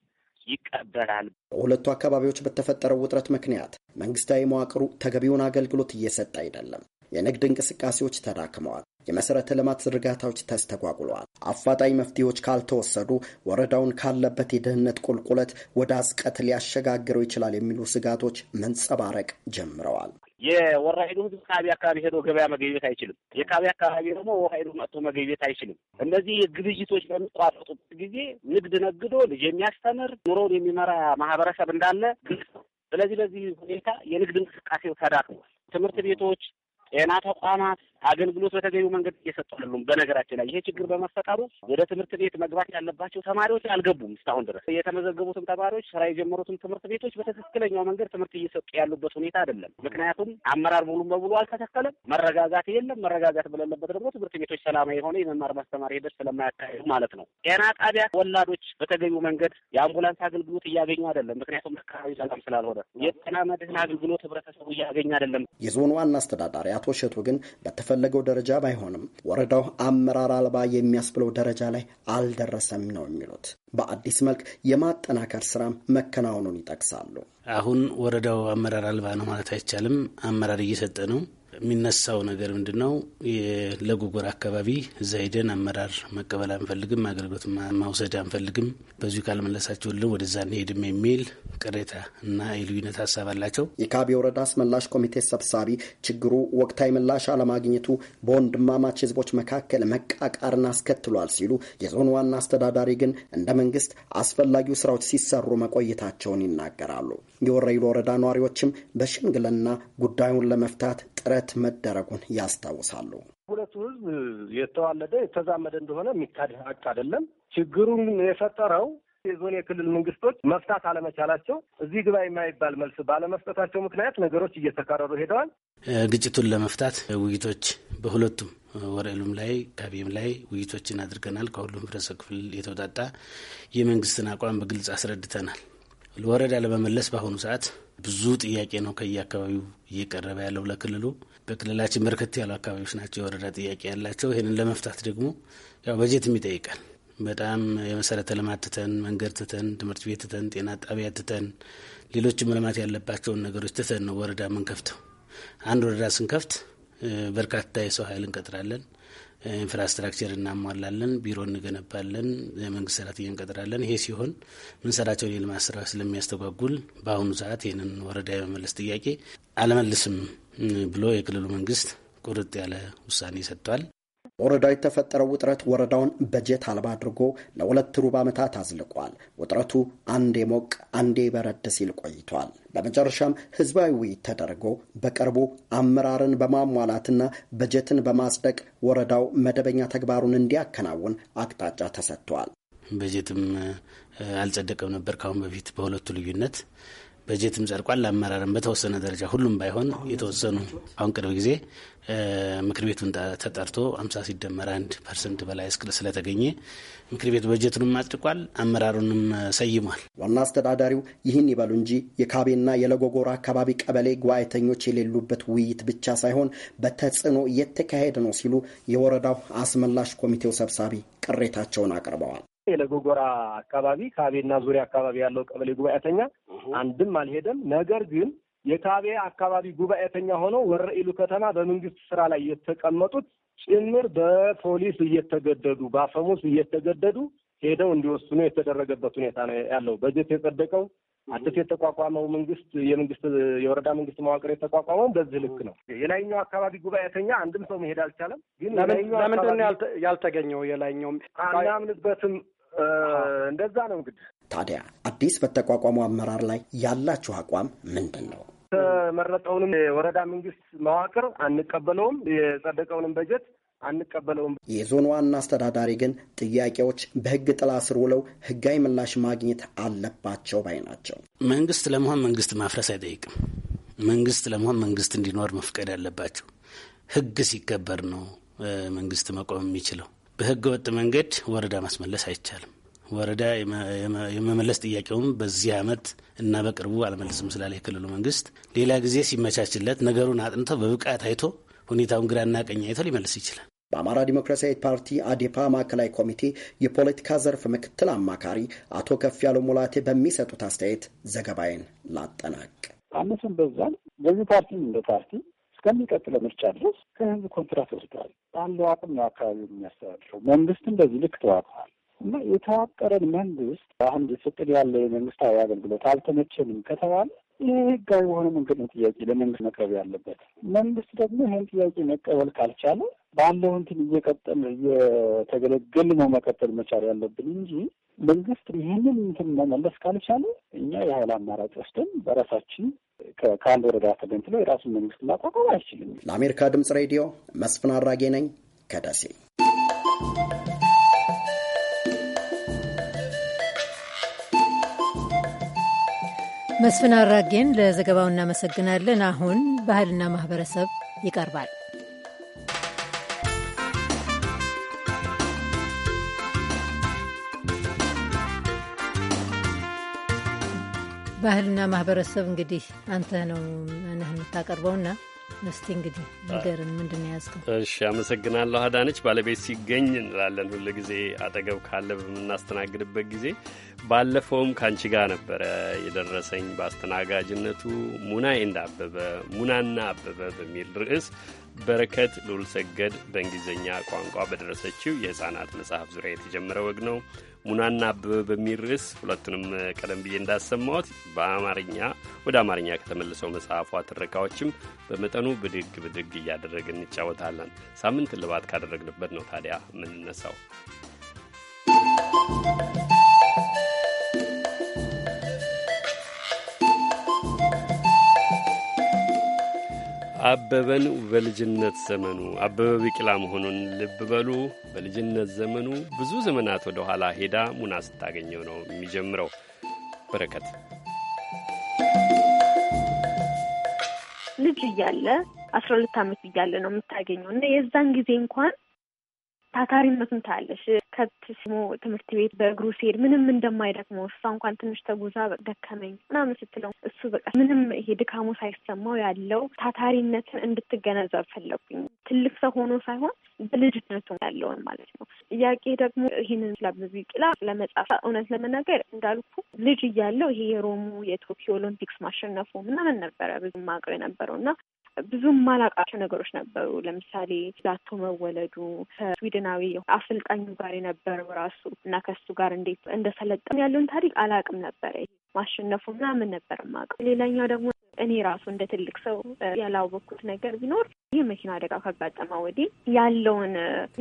ይቀበላል። በሁለቱ
አካባቢዎች በተፈጠረው ውጥረት ምክንያት መንግስታዊ መዋቅሩ ተገቢውን አገልግሎት እየሰጠ አይደለም። የንግድ እንቅስቃሴዎች ተዳክመዋል። የመሰረተ ልማት ዝርጋታዎች ተስተጓጉለዋል። አፋጣኝ መፍትሄዎች ካልተወሰዱ ወረዳውን ካለበት የደህንነት ቁልቁለት ወደ አዝቀት ሊያሸጋግረው ይችላል የሚሉ ስጋቶች መንጸባረቅ ጀምረዋል።
የወራሂዱ ህዝብ ከአቢ አካባቢ ሄዶ ገበያ መገቤት አይችልም። የካቢ አካባቢ ደግሞ ወራሂዱ መጥቶ መገቤት አይችልም። እነዚህ ግብይቶች በሚቋረጡበት ጊዜ ንግድ ነግዶ ልጅ የሚያስተምር ኑሮውን የሚመራ ማህበረሰብ እንዳለ ግልጽ። ስለዚህ በዚህ ሁኔታ የንግድ እንቅስቃሴው ተዳክሟል። ትምህርት ቤቶች፣ ጤና ተቋማት አገልግሎት በተገቢ መንገድ እየሰጡ አይደሉም። በነገራችን ላይ ይሄ ችግር በመፈጠሩ ወደ ትምህርት ቤት መግባት ያለባቸው ተማሪዎች አልገቡም እስካሁን ድረስ። የተመዘገቡትም ተማሪዎች ስራ የጀመሩትም ትምህርት ቤቶች በትክክለኛው መንገድ ትምህርት እየሰጡ ያሉበት ሁኔታ አይደለም። ምክንያቱም አመራር ሙሉ በሙሉ አልተተከለም፣ መረጋጋት የለም። መረጋጋት በሌለበት ደግሞ ትምህርት ቤቶች ሰላማዊ የሆነ የመማር ማስተማር ሂደት ስለማያካሄዱ ማለት ነው። ጤና ጣቢያ ወላዶች በተገቢ መንገድ የአምቡላንስ አገልግሎት እያገኙ አይደለም። ምክንያቱም አካባቢ ሰላም ስላልሆነ የጤና መድህን አገልግሎት ህብረተሰቡ እያገኘ አይደለም።
የዞን ዋና አስተዳዳሪ አቶ እሸቱ ግን በሚፈለገው ደረጃ
ባይሆንም ወረዳው
አመራር አልባ የሚያስብለው ደረጃ ላይ አልደረሰም ነው የሚሉት። በአዲስ መልክ የማጠናከር ስራም መከናወኑን ይጠቅሳሉ።
አሁን ወረዳው አመራር አልባ ነው ማለት አይቻልም። አመራር እየሰጠ ነው። የሚነሳው ነገር ምንድን ነው? ለጉጉር አካባቢ እዛ ሄደን አመራር መቀበል አንፈልግም፣ አገልግሎት ማውሰድ አንፈልግም፣ በዚሁ ካልመለሳችሁልን ወደዛ እንሄድም የሚል ቅሬታ እና የልዩነት ሀሳብ አላቸው።
የካቢ ወረዳ አስመላሽ ኮሚቴ ሰብሳቢ ችግሩ ወቅታዊ ምላሽ አለማግኘቱ በወንድማማች ህዝቦች መካከል መቃቃርን አስከትሏል ሲሉ፣ የዞን ዋና አስተዳዳሪ ግን እንደ መንግስት አስፈላጊው ስራዎች ሲሰሩ መቆየታቸውን ይናገራሉ። የወረይሉ ወረዳ ነዋሪዎችም በሽምግልና ጉዳዩን ለመፍታት ጥረት መደረጉን ያስታውሳሉ።
ሁለቱ ህዝብ የተዋለደ የተዛመደ እንደሆነ የሚካድ ሀቅ አይደለም። ችግሩን የፈጠረው የዞን የክልል መንግስቶች መፍታት አለመቻላቸው እዚህ ግባ የማይባል መልስ ባለመስጠታቸው ምክንያት ነገሮች እየተካረሩ ሄደዋል።
ግጭቱን ለመፍታት ውይይቶች በሁለቱም ወረኢሉም ላይ ካቢም ላይ ውይይቶችን አድርገናል። ከሁሉም ህብረተሰብ ክፍል የተውጣጣ የመንግስትን አቋም በግልጽ አስረድተናል። ወረዳ ለመመለስ በአሁኑ ሰዓት ብዙ ጥያቄ ነው ከየአካባቢው እየቀረበ ያለው ለክልሉ። በክልላችን በርከት ያሉ አካባቢዎች ናቸው የወረዳ ጥያቄ ያላቸው። ይህንን ለመፍታት ደግሞ ያው በጀትም ይጠይቃል። በጣም የመሰረተ ልማት ትተን፣ መንገድ ትተን፣ ትምህርት ቤት ትተን፣ ጤና ጣቢያ ትተን፣ ሌሎችም ልማት ያለባቸውን ነገሮች ትተን ነው ወረዳ ምንከፍተው። አንድ ወረዳ ስንከፍት በርካታ የሰው ኃይል እንቀጥራለን። ኢንፍራስትራክቸር እናሟላለን፣ ቢሮ እንገነባለን፣ መንግስት ሰራተኛ እንቀጥራለን። ይሄ ሲሆን ምንሰራቸውን የልማት ስራ ስለሚያስተጓጉል በአሁኑ ሰዓት ይህንን ወረዳ የመመለስ ጥያቄ አልመልስም ብሎ የክልሉ መንግስት ቁርጥ ያለ ውሳኔ ሰጥቷል።
በወረዳው የተፈጠረው ውጥረት ወረዳውን በጀት አልባ አድርጎ ለሁለት ሩብ ዓመታት አዝልቋል። ውጥረቱ አንዴ ሞቅ አንዴ በረድ ሲል ቆይቷል። በመጨረሻም ህዝባዊ ውይይት ተደርጎ በቅርቡ አመራርን በማሟላትና በጀትን በማጽደቅ ወረዳው መደበኛ ተግባሩን እንዲያከናውን አቅጣጫ ተሰጥቷል።
በጀትም አልጸደቀም ነበር ከአሁን በፊት በሁለቱ ልዩነት በጀትም ጸድቋል። ለአመራርም በተወሰነ ደረጃ ሁሉም ባይሆን የተወሰኑ አሁን ቅርብ ጊዜ ምክር ቤቱን ተጠርቶ አምሳ ሲደመር አንድ ፐርሰንት በላይ ስለተገኘ ምክር ቤቱ በጀቱንም አጽድቋል፣ አመራሩንም ሰይሟል። ዋና
አስተዳዳሪው ይህን ይበሉ
እንጂ የካቤና የለጎጎራ አካባቢ
ቀበሌ ጉባኤተኞች የሌሉበት ውይይት ብቻ ሳይሆን በተጽዕኖ እየተካሄደ ነው ሲሉ የወረዳው አስመላሽ ኮሚቴው ሰብሳቢ ቅሬታቸውን አቅርበዋል።
የለጎጎራ አካባቢ ካቤና ዙሪያ አካባቢ ያለው ቀበሌ ጉባኤተኛ አንድም አልሄደም። ነገር ግን የካቤ አካባቢ ጉባኤተኛ ሆነው ወረኢሉ ከተማ በመንግስት ስራ ላይ የተቀመጡት ጭምር በፖሊስ እየተገደዱ በአፈሙስ እየተገደዱ ሄደው እንዲወስኑ የተደረገበት ሁኔታ ነው ያለው። በጀት የጸደቀው አዲስ የተቋቋመው መንግስት የመንግስት የወረዳ መንግስት መዋቅር የተቋቋመው በዚህ ልክ ነው። የላይኛው አካባቢ ጉባኤተኛ አንድም ሰው መሄድ አልቻለም። ግን ለምንድን ነው ያልተገኘው? የላይኛውም አናምንበትም። እንደዛ ነው እንግዲህ። ታዲያ
አዲስ በተቋቋመው አመራር ላይ ያላችሁ አቋም
ምንድን ነው? የተመረጠውንም የወረዳ መንግስት መዋቅር አንቀበለውም። የጸደቀውንም በጀት አንቀበለውም።
የዞን ዋና አስተዳዳሪ ግን ጥያቄዎች በህግ ጥላ ስር ውለው ህጋዊ ምላሽ ማግኘት አለባቸው ባይ ናቸው።
መንግስት ለመሆን መንግስት ማፍረስ አይጠይቅም። መንግስት ለመሆን መንግስት እንዲኖር መፍቀድ አለባቸው። ህግ ሲከበር ነው መንግስት መቆም የሚችለው። በሕገ ወጥ መንገድ ወረዳ ማስመለስ አይቻልም። ወረዳ የመመለስ ጥያቄውም በዚህ አመት እና በቅርቡ አልመለስም ስላለ የክልሉ መንግስት ሌላ ጊዜ ሲመቻችለት ነገሩን አጥንቶ በብቃት አይቶ ሁኔታውን ግራና ቀኝ አይቶ ሊመልስ ይችላል። በአማራ
ዲሞክራሲያዊ ፓርቲ አዴፓ ማዕከላዊ ኮሚቴ የፖለቲካ ዘርፍ ምክትል አማካሪ አቶ ከፍ ያለው ሙላቴ በሚሰጡት አስተያየት ዘገባዬን ላጠናቅ።
አነስም
በዛን በዚህ ፓርቲም እንደ ፓርቲ እስከሚቀጥለው ምርጫ ድረስ ከህዝብ ኮንትራት ወስደዋል።
ባለው አቅም ነው አካባቢ የሚያስተዳድረው።
መንግስትም በዚህ ልክ ተዋቅሯል እና የተዋቀረን መንግስት አሁን ስጥል ያለ የመንግስታዊ አገልግሎት አልተመቸንም ከተባለ ይህ ህጋዊ በሆነ መንገድ ነው ጥያቄ ለመንግስት መቅረብ ያለበት።
መንግስት ደግሞ ይህን ጥያቄ መቀበል ካልቻለ ባለው እንትን እየቀጠል እየተገለገል ነው መቀጠል መቻል ያለብን እንጂ መንግስት ይህንን እንትን መመለስ ካልቻለ እኛ የሀይል አማራጭ ወስደን በራሳችን
ከአንድ ወረዳ ተገንጥሎ የራሱን መንግስት ማቋቋም አይችልም። ለአሜሪካ ድምጽ ሬዲዮ
መስፍን አራጌ ነኝ ከደሴ
መስፍን አራጌን ለዘገባው እናመሰግናለን። አሁን ባህልና ማህበረሰብ ይቀርባል። ባህልና ማህበረሰብ እንግዲህ አንተ ነው ነህ የምታቀርበውና እስቲ እንግዲህ ነገርን ምንድን ያዝከው?
እሺ አመሰግናለሁ አዳነች። ባለቤት ሲገኝ እንላለን ሁል ጊዜ አጠገብ ካለ በምናስተናግድበት ጊዜ። ባለፈውም ከአንቺ ጋር ነበረ የደረሰኝ በአስተናጋጅነቱ ሙና እንዳበበ ሙናና አበበ በሚል ርዕስ በረከት ልዑል ሰገድ በእንግሊዝኛ ቋንቋ በደረሰችው የህፃናት መጽሐፍ ዙሪያ የተጀመረ ወግ ነው። ሙናና አበበ በሚል ርዕስ ሁለቱንም ቀደም ብዬ እንዳሰማሁት በአማርኛ ወደ አማርኛ ከተመልሰው መጽሐፏ ትረካዎችም በመጠኑ ብድግ ብድግ እያደረግን እንጫወታለን። ሳምንት ልባት ካደረግንበት ነው ታዲያ የምንነሳው። አበበን በልጅነት ዘመኑ አበበ ቢቂላ መሆኑን ልብ በሉ። በልጅነት ዘመኑ ብዙ ዘመናት ወደ ኋላ ሄዳ ሙና ስታገኘው ነው የሚጀምረው። በረከት
ልጅ እያለ አስራ ሁለት ዓመት እያለ ነው የምታገኘው እና የዛን ጊዜ እንኳን ታታሪነቱን ታያለሽ። ከብት ስሞ ትምህርት ቤት በእግሩ ሲሄድ ምንም እንደማይደክመው እሷ እንኳን ትንሽ ተጉዛ ደከመኝ ምናምን ስትለው እሱ በቃ ምንም ይሄ ድካሙ ሳይሰማው ያለው ታታሪነትን እንድትገነዘብ ፈለጉኝ። ትልቅ ሰው ሆኖ ሳይሆን በልጅነቱ ያለውን ማለት ነው። ጥያቄ ደግሞ ይህንን ስለአበበ ቢቂላ ለመጻፍ እውነት ለመናገር እንዳልኩ ልጅ እያለው ይሄ የሮሙ የቶኪዮ ኦሎምፒክስ ማሸነፉ ምናምን ነበረ ብዙ ማቀው የነበረው እና ብዙም ማላቃቸው ነገሮች ነበሩ። ለምሳሌ ዛቶ መወለዱ ከስዊድናዊ አሰልጣኙ ጋር የነበረው ራሱ እና ከሱ ጋር እንዴት እንደሰለጠኑ ያለውን ታሪክ አላቅም ነበረ። ማሸነፉ ምናምን ነበር የማውቀው። ሌላኛው ደግሞ እኔ ራሱ እንደ ትልቅ ሰው ያላወቅኩት ነገር ቢኖር ይህ መኪና አደጋ ካጋጠመ ወዲህ ያለውን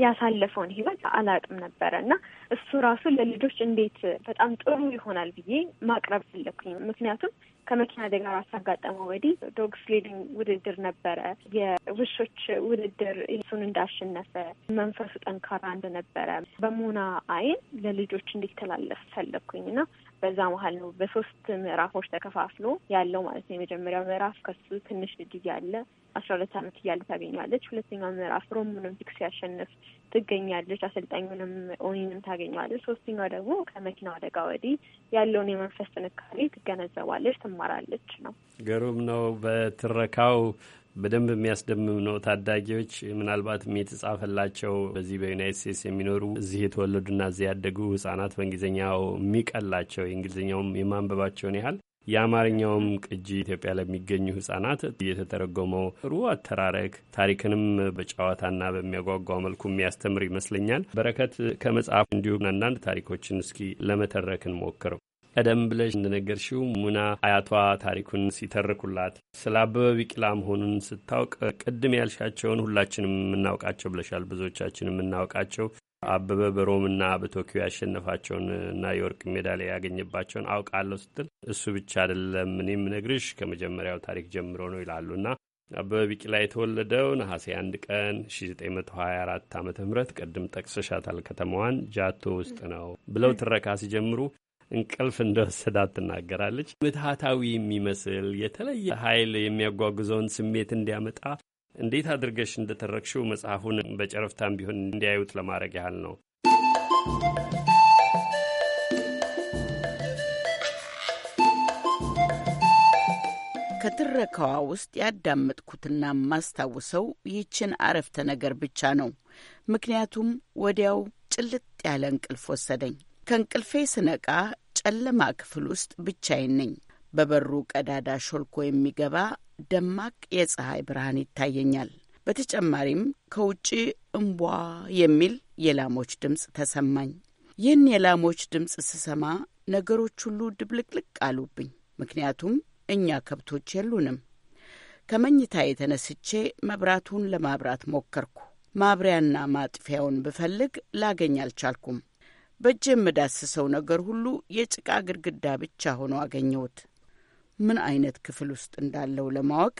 ያሳለፈውን ህይወት አላውቅም ነበረ እና እሱ ራሱ ለልጆች እንዴት በጣም ጥሩ ይሆናል ብዬ ማቅረብ ፈለግኩኝ። ምክንያቱም ከመኪና አደጋ ራሱ ካጋጠመ ወዲህ ዶግ ስሌዲንግ ውድድር ነበረ፣ የውሾች ውድድር እሱን እንዳሸነፈ መንፈሱ ጠንካራ እንደነበረ በሞና አይን ለልጆች እንዲተላለፍ ፈለግኩኝ እና በዛ መሀል ነው በሶስት ምዕራፎች ተከፋፍሎ ያለው ማለት ነው። የመጀመሪያው ምዕራፍ ከሱ ትንሽ ልጅ እያለ አስራ ሁለት አመት እያለ ታገኘዋለች። ሁለተኛው ምዕራፍ ሮሙንም ፊክስ ሲያሸንፍ ትገኛለች። አሰልጣኙንም ኦኒንም ታገኘዋለች። ሶስተኛው ደግሞ ከመኪና አደጋ ወዲህ ያለውን የመንፈስ ጥንካሬ ትገነዘባለች፣ ትማራለች ነው።
ግሩም ነው። በትረካው በደንብ የሚያስደምም ነው። ታዳጊዎች ምናልባትም የተጻፈላቸው በዚህ በዩናይት ስቴትስ የሚኖሩ እዚህ የተወለዱና እዚህ ያደጉ ህጻናት በእንግሊዝኛው የሚቀላቸው የእንግሊዝኛውም የማንበባቸውን ያህል የአማርኛውም ቅጂ ኢትዮጵያ ለሚገኙ ህጻናት የተተረጎመው ጥሩ አተራረክ ታሪክንም በጨዋታና በሚያጓጓ መልኩ የሚያስተምር ይመስለኛል። በረከት ከመጽሐፍ እንዲሁም አንዳንድ ታሪኮችን እስኪ ለመተረክ እንሞክር። ቀደም ብለሽ እንደነገርሽው ሙና አያቷ ታሪኩን ሲተርኩላት ስለ አበበ ቢቂላ መሆኑን ስታውቅ ቅድም ያልሻቸውን ሁላችንም የምናውቃቸው ብለሻል። ብዙዎቻችን የምናውቃቸው አበበ በሮምና በቶኪዮ ያሸነፋቸውን እና የወርቅ ሜዳሊያ ያገኘባቸውን አውቃለሁ ስትል እሱ ብቻ አይደለም እኔም ነግርሽ ከመጀመሪያው ታሪክ ጀምሮ ነው ይላሉና አበበ ቢቂላ የተወለደው ነሐሴ አንድ ቀን 1924 ዓ ም ቅድም ጠቅሰሻታል ከተማዋን ጃቶ ውስጥ ነው ብለው ትረካ ሲጀምሩ እንቅልፍ እንደወሰዳት ትናገራለች። ምትሃታዊ የሚመስል የተለየ ኃይል የሚያጓጉዘውን ስሜት እንዲያመጣ እንዴት አድርገሽ እንደተረክሽው መጽሐፉን በጨረፍታም ቢሆን እንዲያዩት ለማድረግ ያህል ነው።
ከትረካዋ ውስጥ ያዳመጥኩትና የማስታውሰው ይህችን አረፍተ ነገር ብቻ ነው። ምክንያቱም ወዲያው ጭልጥ ያለ እንቅልፍ ወሰደኝ። ከእንቅልፌ ስነቃ ጨለማ ክፍል ውስጥ ብቻዬን ነኝ። በበሩ ቀዳዳ ሾልኮ የሚገባ ደማቅ የፀሐይ ብርሃን ይታየኛል። በተጨማሪም ከውጭ እምቧ የሚል የላሞች ድምፅ ተሰማኝ። ይህን የላሞች ድምፅ ስሰማ ነገሮች ሁሉ ድብልቅልቅ አሉብኝ። ምክንያቱም እኛ ከብቶች የሉንም። ከመኝታ የተነስቼ መብራቱን ለማብራት ሞከርኩ። ማብሪያና ማጥፊያውን ብፈልግ ላገኝ አልቻልኩም። በእጅ የምዳስሰው ነገር ሁሉ የጭቃ ግድግዳ ብቻ ሆኖ አገኘሁት። ምን አይነት ክፍል ውስጥ እንዳለው ለማወቅ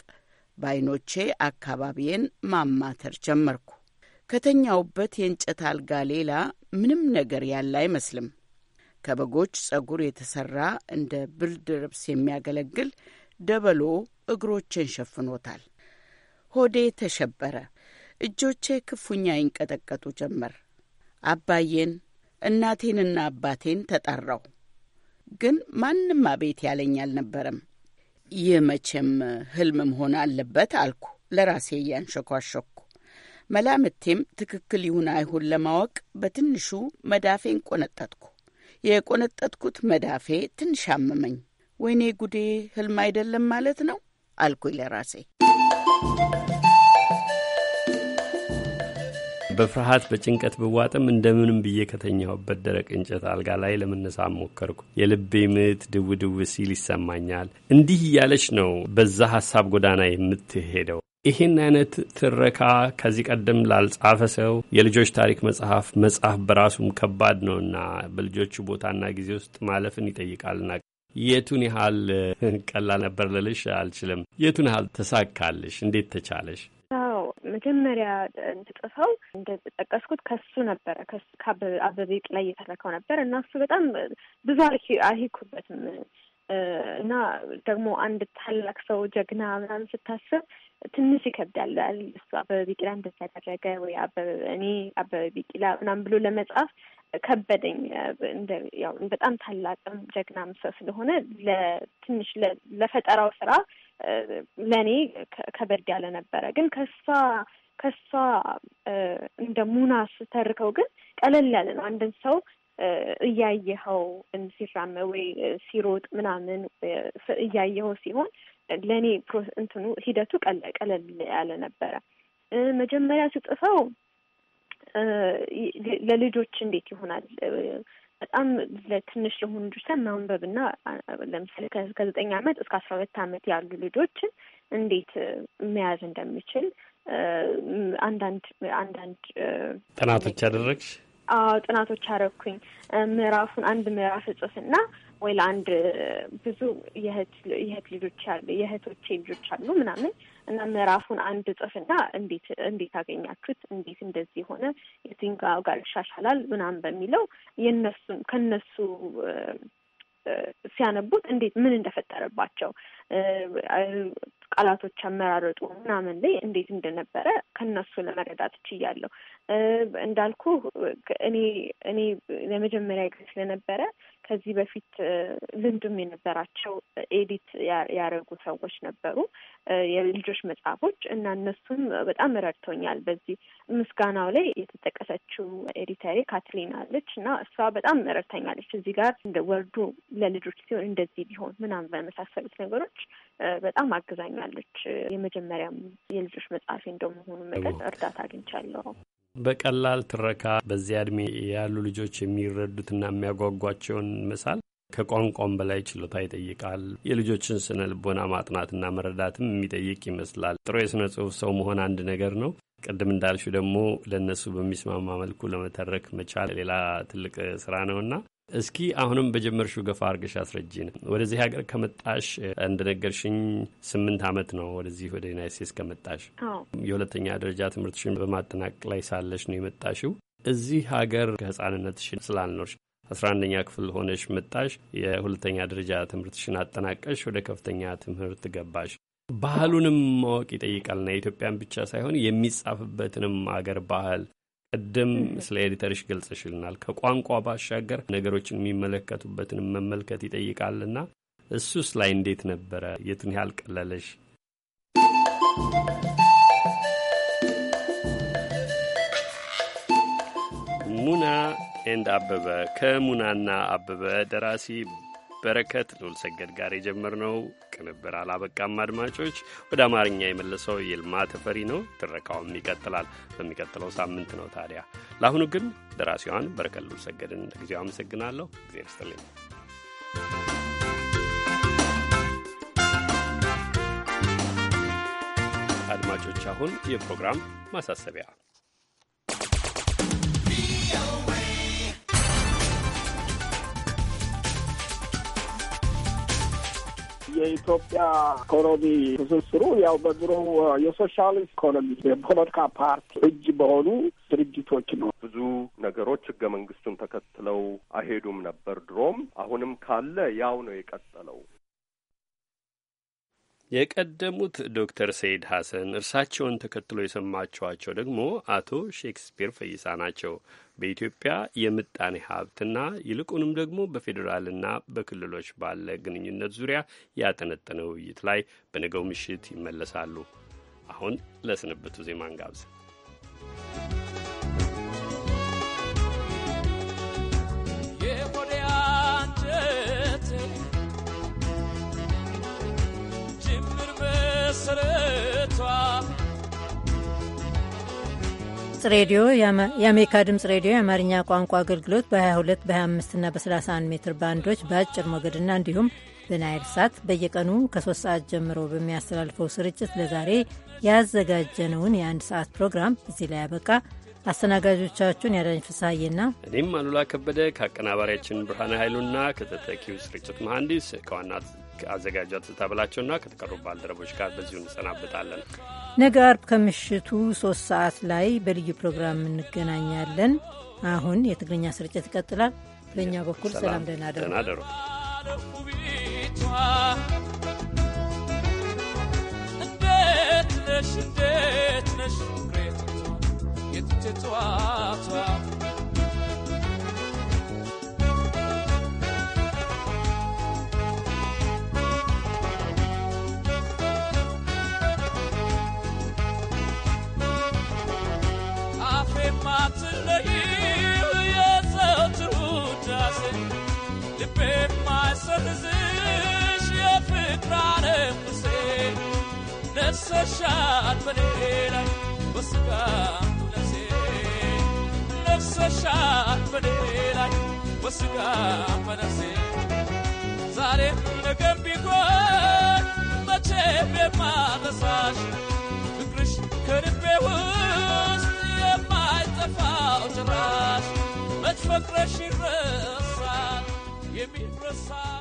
በአይኖቼ አካባቢዬን ማማተር ጀመርኩ። ከተኛውበት የእንጨት አልጋ ሌላ ምንም ነገር ያለ አይመስልም። ከበጎች ጸጉር የተሰራ እንደ ብርድ ልብስ የሚያገለግል ደበሎ እግሮቼን ሸፍኖታል። ሆዴ ተሸበረ። እጆቼ ክፉኛ ይንቀጠቀጡ ጀመር። አባዬን እናቴንና አባቴን ተጠራው። ግን ማንም አቤት ያለኝ አልነበረም። ይህ መቼም ህልም መሆን አለበት አልኩ ለራሴ እያንሸኳሸኩ። መላምቴም ትክክል ይሁን አይሁን ለማወቅ በትንሹ መዳፌን ቆነጠጥኩ። የቆነጠጥኩት መዳፌ ትንሽ አመመኝ። ወይኔ ጉዴ፣ ህልም አይደለም ማለት ነው አልኩኝ ለራሴ።
በፍርሃት በጭንቀት ብዋጥም እንደምንም ብዬ ከተኛሁበት ደረቅ እንጨት አልጋ ላይ ለመነሳ ሞከርኩ። የልቤ ምት ድው ድው ሲል ይሰማኛል። እንዲህ እያለች ነው በዛ ሀሳብ ጎዳና የምትሄደው። ይህን አይነት ትረካ ከዚህ ቀደም ላልጻፈ ሰው የልጆች ታሪክ መጽሐፍ መጽሐፍ በራሱም ከባድ ነውና በልጆቹ ቦታና ጊዜ ውስጥ ማለፍን ይጠይቃልና የቱን ያህል ቀላል ነበር ልልሽ አልችልም። የቱን ያህል ተሳካልሽ? እንዴት ተቻለሽ?
መጀመሪያ እንድጽፈው እንደጠቀስኩት ከሱ ነበረ ከአበበ ላይ እየተረከው ነበር እና እሱ በጣም ብዙ አልሄድኩበትም እና ደግሞ አንድ ታላቅ ሰው ጀግና ምናምን ስታስብ ትንሽ ይከብዳል። እሱ አበበ ቢቂላ እንደዚህ ያደረገ ወይ አበበ እኔ አበበ ቢቂላ ምናምን ብሎ ለመጻፍ ከበደኝ። ያው በጣም ታላቅም ጀግናም ሰው ስለሆነ ለትንሽ ለፈጠራው ስራ ለእኔ ከበድ ያለ ነበረ። ግን ከሷ ከሷ እንደ ሙና ስተርከው ግን ቀለል ያለ ነው። አንድን ሰው እያየኸው ሲራመድ ወይ ሲሮጥ ምናምን እያየኸው ሲሆን ለእኔ እንትኑ ሂደቱ ቀለል ያለ ነበረ። መጀመሪያ ስጥፈው ለልጆች እንዴት ይሆናል በጣም ለትንሽ የሆኑ ልጆች ልጆችን ማንበብና ለምሳሌ ከዘጠኝ አመት እስከ አስራ ሁለት አመት ያሉ ልጆችን እንዴት መያዝ እንደሚችል አንዳንድ አንዳንድ
ጥናቶች አደረግሽ?
አዎ ጥናቶች አደረግኩኝ። ምዕራፉን አንድ ምዕራፍ እጽፍና ወይ ለአንድ ብዙ የእህት ልጆች አሉ የእህቶቼ ልጆች አሉ ምናምን እና ምዕራፉን አንድ ጽፍና እንዴት እንዴት አገኛችሁት እንዴት እንደዚህ ሆነ የትኛው ጋር ይሻሻላል ምናምን በሚለው የነሱን ከነሱ ሲያነቡት እንዴት ምን እንደፈጠረባቸው ቃላቶች አመራረጡ ምናምን ላይ እንዴት እንደነበረ ከነሱ ለመረዳት ችያለሁ። እንዳልኩ እኔ እኔ ለመጀመሪያ ጊዜ ስለነበረ ከዚህ በፊት ልምዱም የነበራቸው ኤዲት ያደረጉ ሰዎች ነበሩ የልጆች መጽሐፎች እና እነሱም በጣም ረድቶኛል። በዚህ ምስጋናው ላይ የተጠቀሰችው ኤዲተሬ ካትሊን አለች እና እሷ በጣም ረድተኛለች። እዚህ ጋር እንደ ወርዱ ለልጆች ሲሆን እንደዚህ ቢሆን ምናምን በመሳሰሉት ነገሮች በጣም አግዛኛለች። የመጀመሪያም የልጆች መጽሐፌ እንደመሆኑ መጠን እርዳታ አግኝቻለሁ።
በቀላል ትረካ በዚያ እድሜ ያሉ ልጆች የሚረዱትና የሚያጓጓቸውን መሳል ከቋንቋም በላይ ችሎታ ይጠይቃል። የልጆችን ስነ ልቦና ማጥናትና መረዳትም የሚጠይቅ ይመስላል። ጥሩ የስነ ጽሁፍ ሰው መሆን አንድ ነገር ነው። ቅድም እንዳልሹ ደግሞ ለእነሱ በሚስማማ መልኩ ለመተረክ መቻል ሌላ ትልቅ ስራ ነውና እስኪ አሁንም በጀመርሽው ገፋ አርገሽ አስረጂን። ወደዚህ ሀገር ከመጣሽ እንደነገርሽኝ ስምንት ዓመት ነው ወደዚህ ወደ ዩናይት ስቴትስ ከመጣሽ። የሁለተኛ ደረጃ ትምህርትሽን በማጠናቀቅ ላይ ሳለሽ ነው የመጣሽው። እዚህ ሀገር ከህፃንነትሽ ስላልኖርሽ አስራ አንደኛ ክፍል ሆነሽ መጣሽ። የሁለተኛ ደረጃ ትምህርትሽን አጠናቀሽ ወደ ከፍተኛ ትምህርት ገባሽ። ባህሉንም ማወቅ ይጠይቃልና የኢትዮጵያን ብቻ ሳይሆን የሚጻፍበትንም አገር ባህል ቅድም ስለ ኤዲተርሽ ገልጽሽልናል። ከቋንቋ ባሻገር ነገሮችን የሚመለከቱበትን መመልከት ይጠይቃልና እሱስ ላይ እንዴት ነበረ? የትን ያህል ቀለለሽ? ሙና ኤንድ አበበ ከሙናና አበበ ደራሲ በረከት ልዑል ሰገድ ጋር የጀመርነው ቅንብር አላበቃም። አድማጮች ወደ አማርኛ የመለሰው የልማ ተፈሪ ነው። ትረካውም ይቀጥላል። በሚቀጥለው ሳምንት ነው ታዲያ። ለአሁኑ ግን ደራሲዋን በረከት ልዑል ሰገድን ለጊዜው አመሰግናለሁ። እግዜር ይስጥልኝ። አድማጮች አሁን የፕሮግራም ማሳሰቢያ
የኢትዮጵያ ኢኮኖሚ ትስስሩ ያው በድሮ የሶሻሊስት ኢኮኖሚ የፖለቲካ ፓርቲ እጅ በሆኑ ድርጅቶች ነው። ብዙ ነገሮች ህገ መንግስቱን ተከትለው አይሄዱም ነበር ድሮም፣ አሁንም ካለ ያው ነው የቀጠለው።
የቀደሙት ዶክተር ሰይድ ሐሰን እርሳቸውን ተከትሎ የሰማችኋቸው ደግሞ አቶ ሼክስፒር ፈይሳ ናቸው። በኢትዮጵያ የምጣኔ ሀብትና ይልቁንም ደግሞ በፌዴራልና በክልሎች ባለ ግንኙነት ዙሪያ ያጠነጠነ ውይይት ላይ በነገው ምሽት ይመለሳሉ። አሁን ለስንብቱ ዜማ እንጋብዝ።
ድምፅ ሬዲዮ የአሜሪካ ድምፅ ሬዲዮ የአማርኛ ቋንቋ አገልግሎት በ22 በ25 እና በ31 ሜትር ባንዶች በአጭር ሞገድና እንዲሁም በናይል ሳት በየቀኑ ከሶስት ሰዓት ጀምሮ በሚያስተላልፈው ስርጭት ለዛሬ ያዘጋጀነውን የአንድ ሰዓት ፕሮግራም እዚህ ላይ ያበቃ። አስተናጋጆቻችሁን ያዳኝ ፍስሐዬና
እኔም አሉላ ከበደ ከአቀናባሪያችን ብርሃን ኃይሉና ከተተኪው ስርጭት መሐንዲስ ከዋና አዘጋጇ ትዝታ ብላቸውና ከተቀሩ ባልደረቦች ጋር በዚሁ እንሰናበታለን።
ነገ አርብ ከምሽቱ ሶስት ሰዓት ላይ በልዩ ፕሮግራም እንገናኛለን። አሁን የትግርኛ ስርጭት ይቀጥላል። በእኛ በኩል ሰላም፣ ደህና ደሩ።
እንዴት ነሽ? እንዴት ነሽ?
ራንም ሙሴ ነፍሰሻን በልቤ ላይ በስጋ ነፍሴ
ነፍሰሻን በልቤ ላይ በስጋ በነፍሴ ዛሬም ነገም ቢሆን መቼም የማረሳሽ ፍቅርሽ ከልቤ ውስጥ የማይጠፋው
ጭራሽ መች ፈቅረሽ ይረሳል የሚረሳ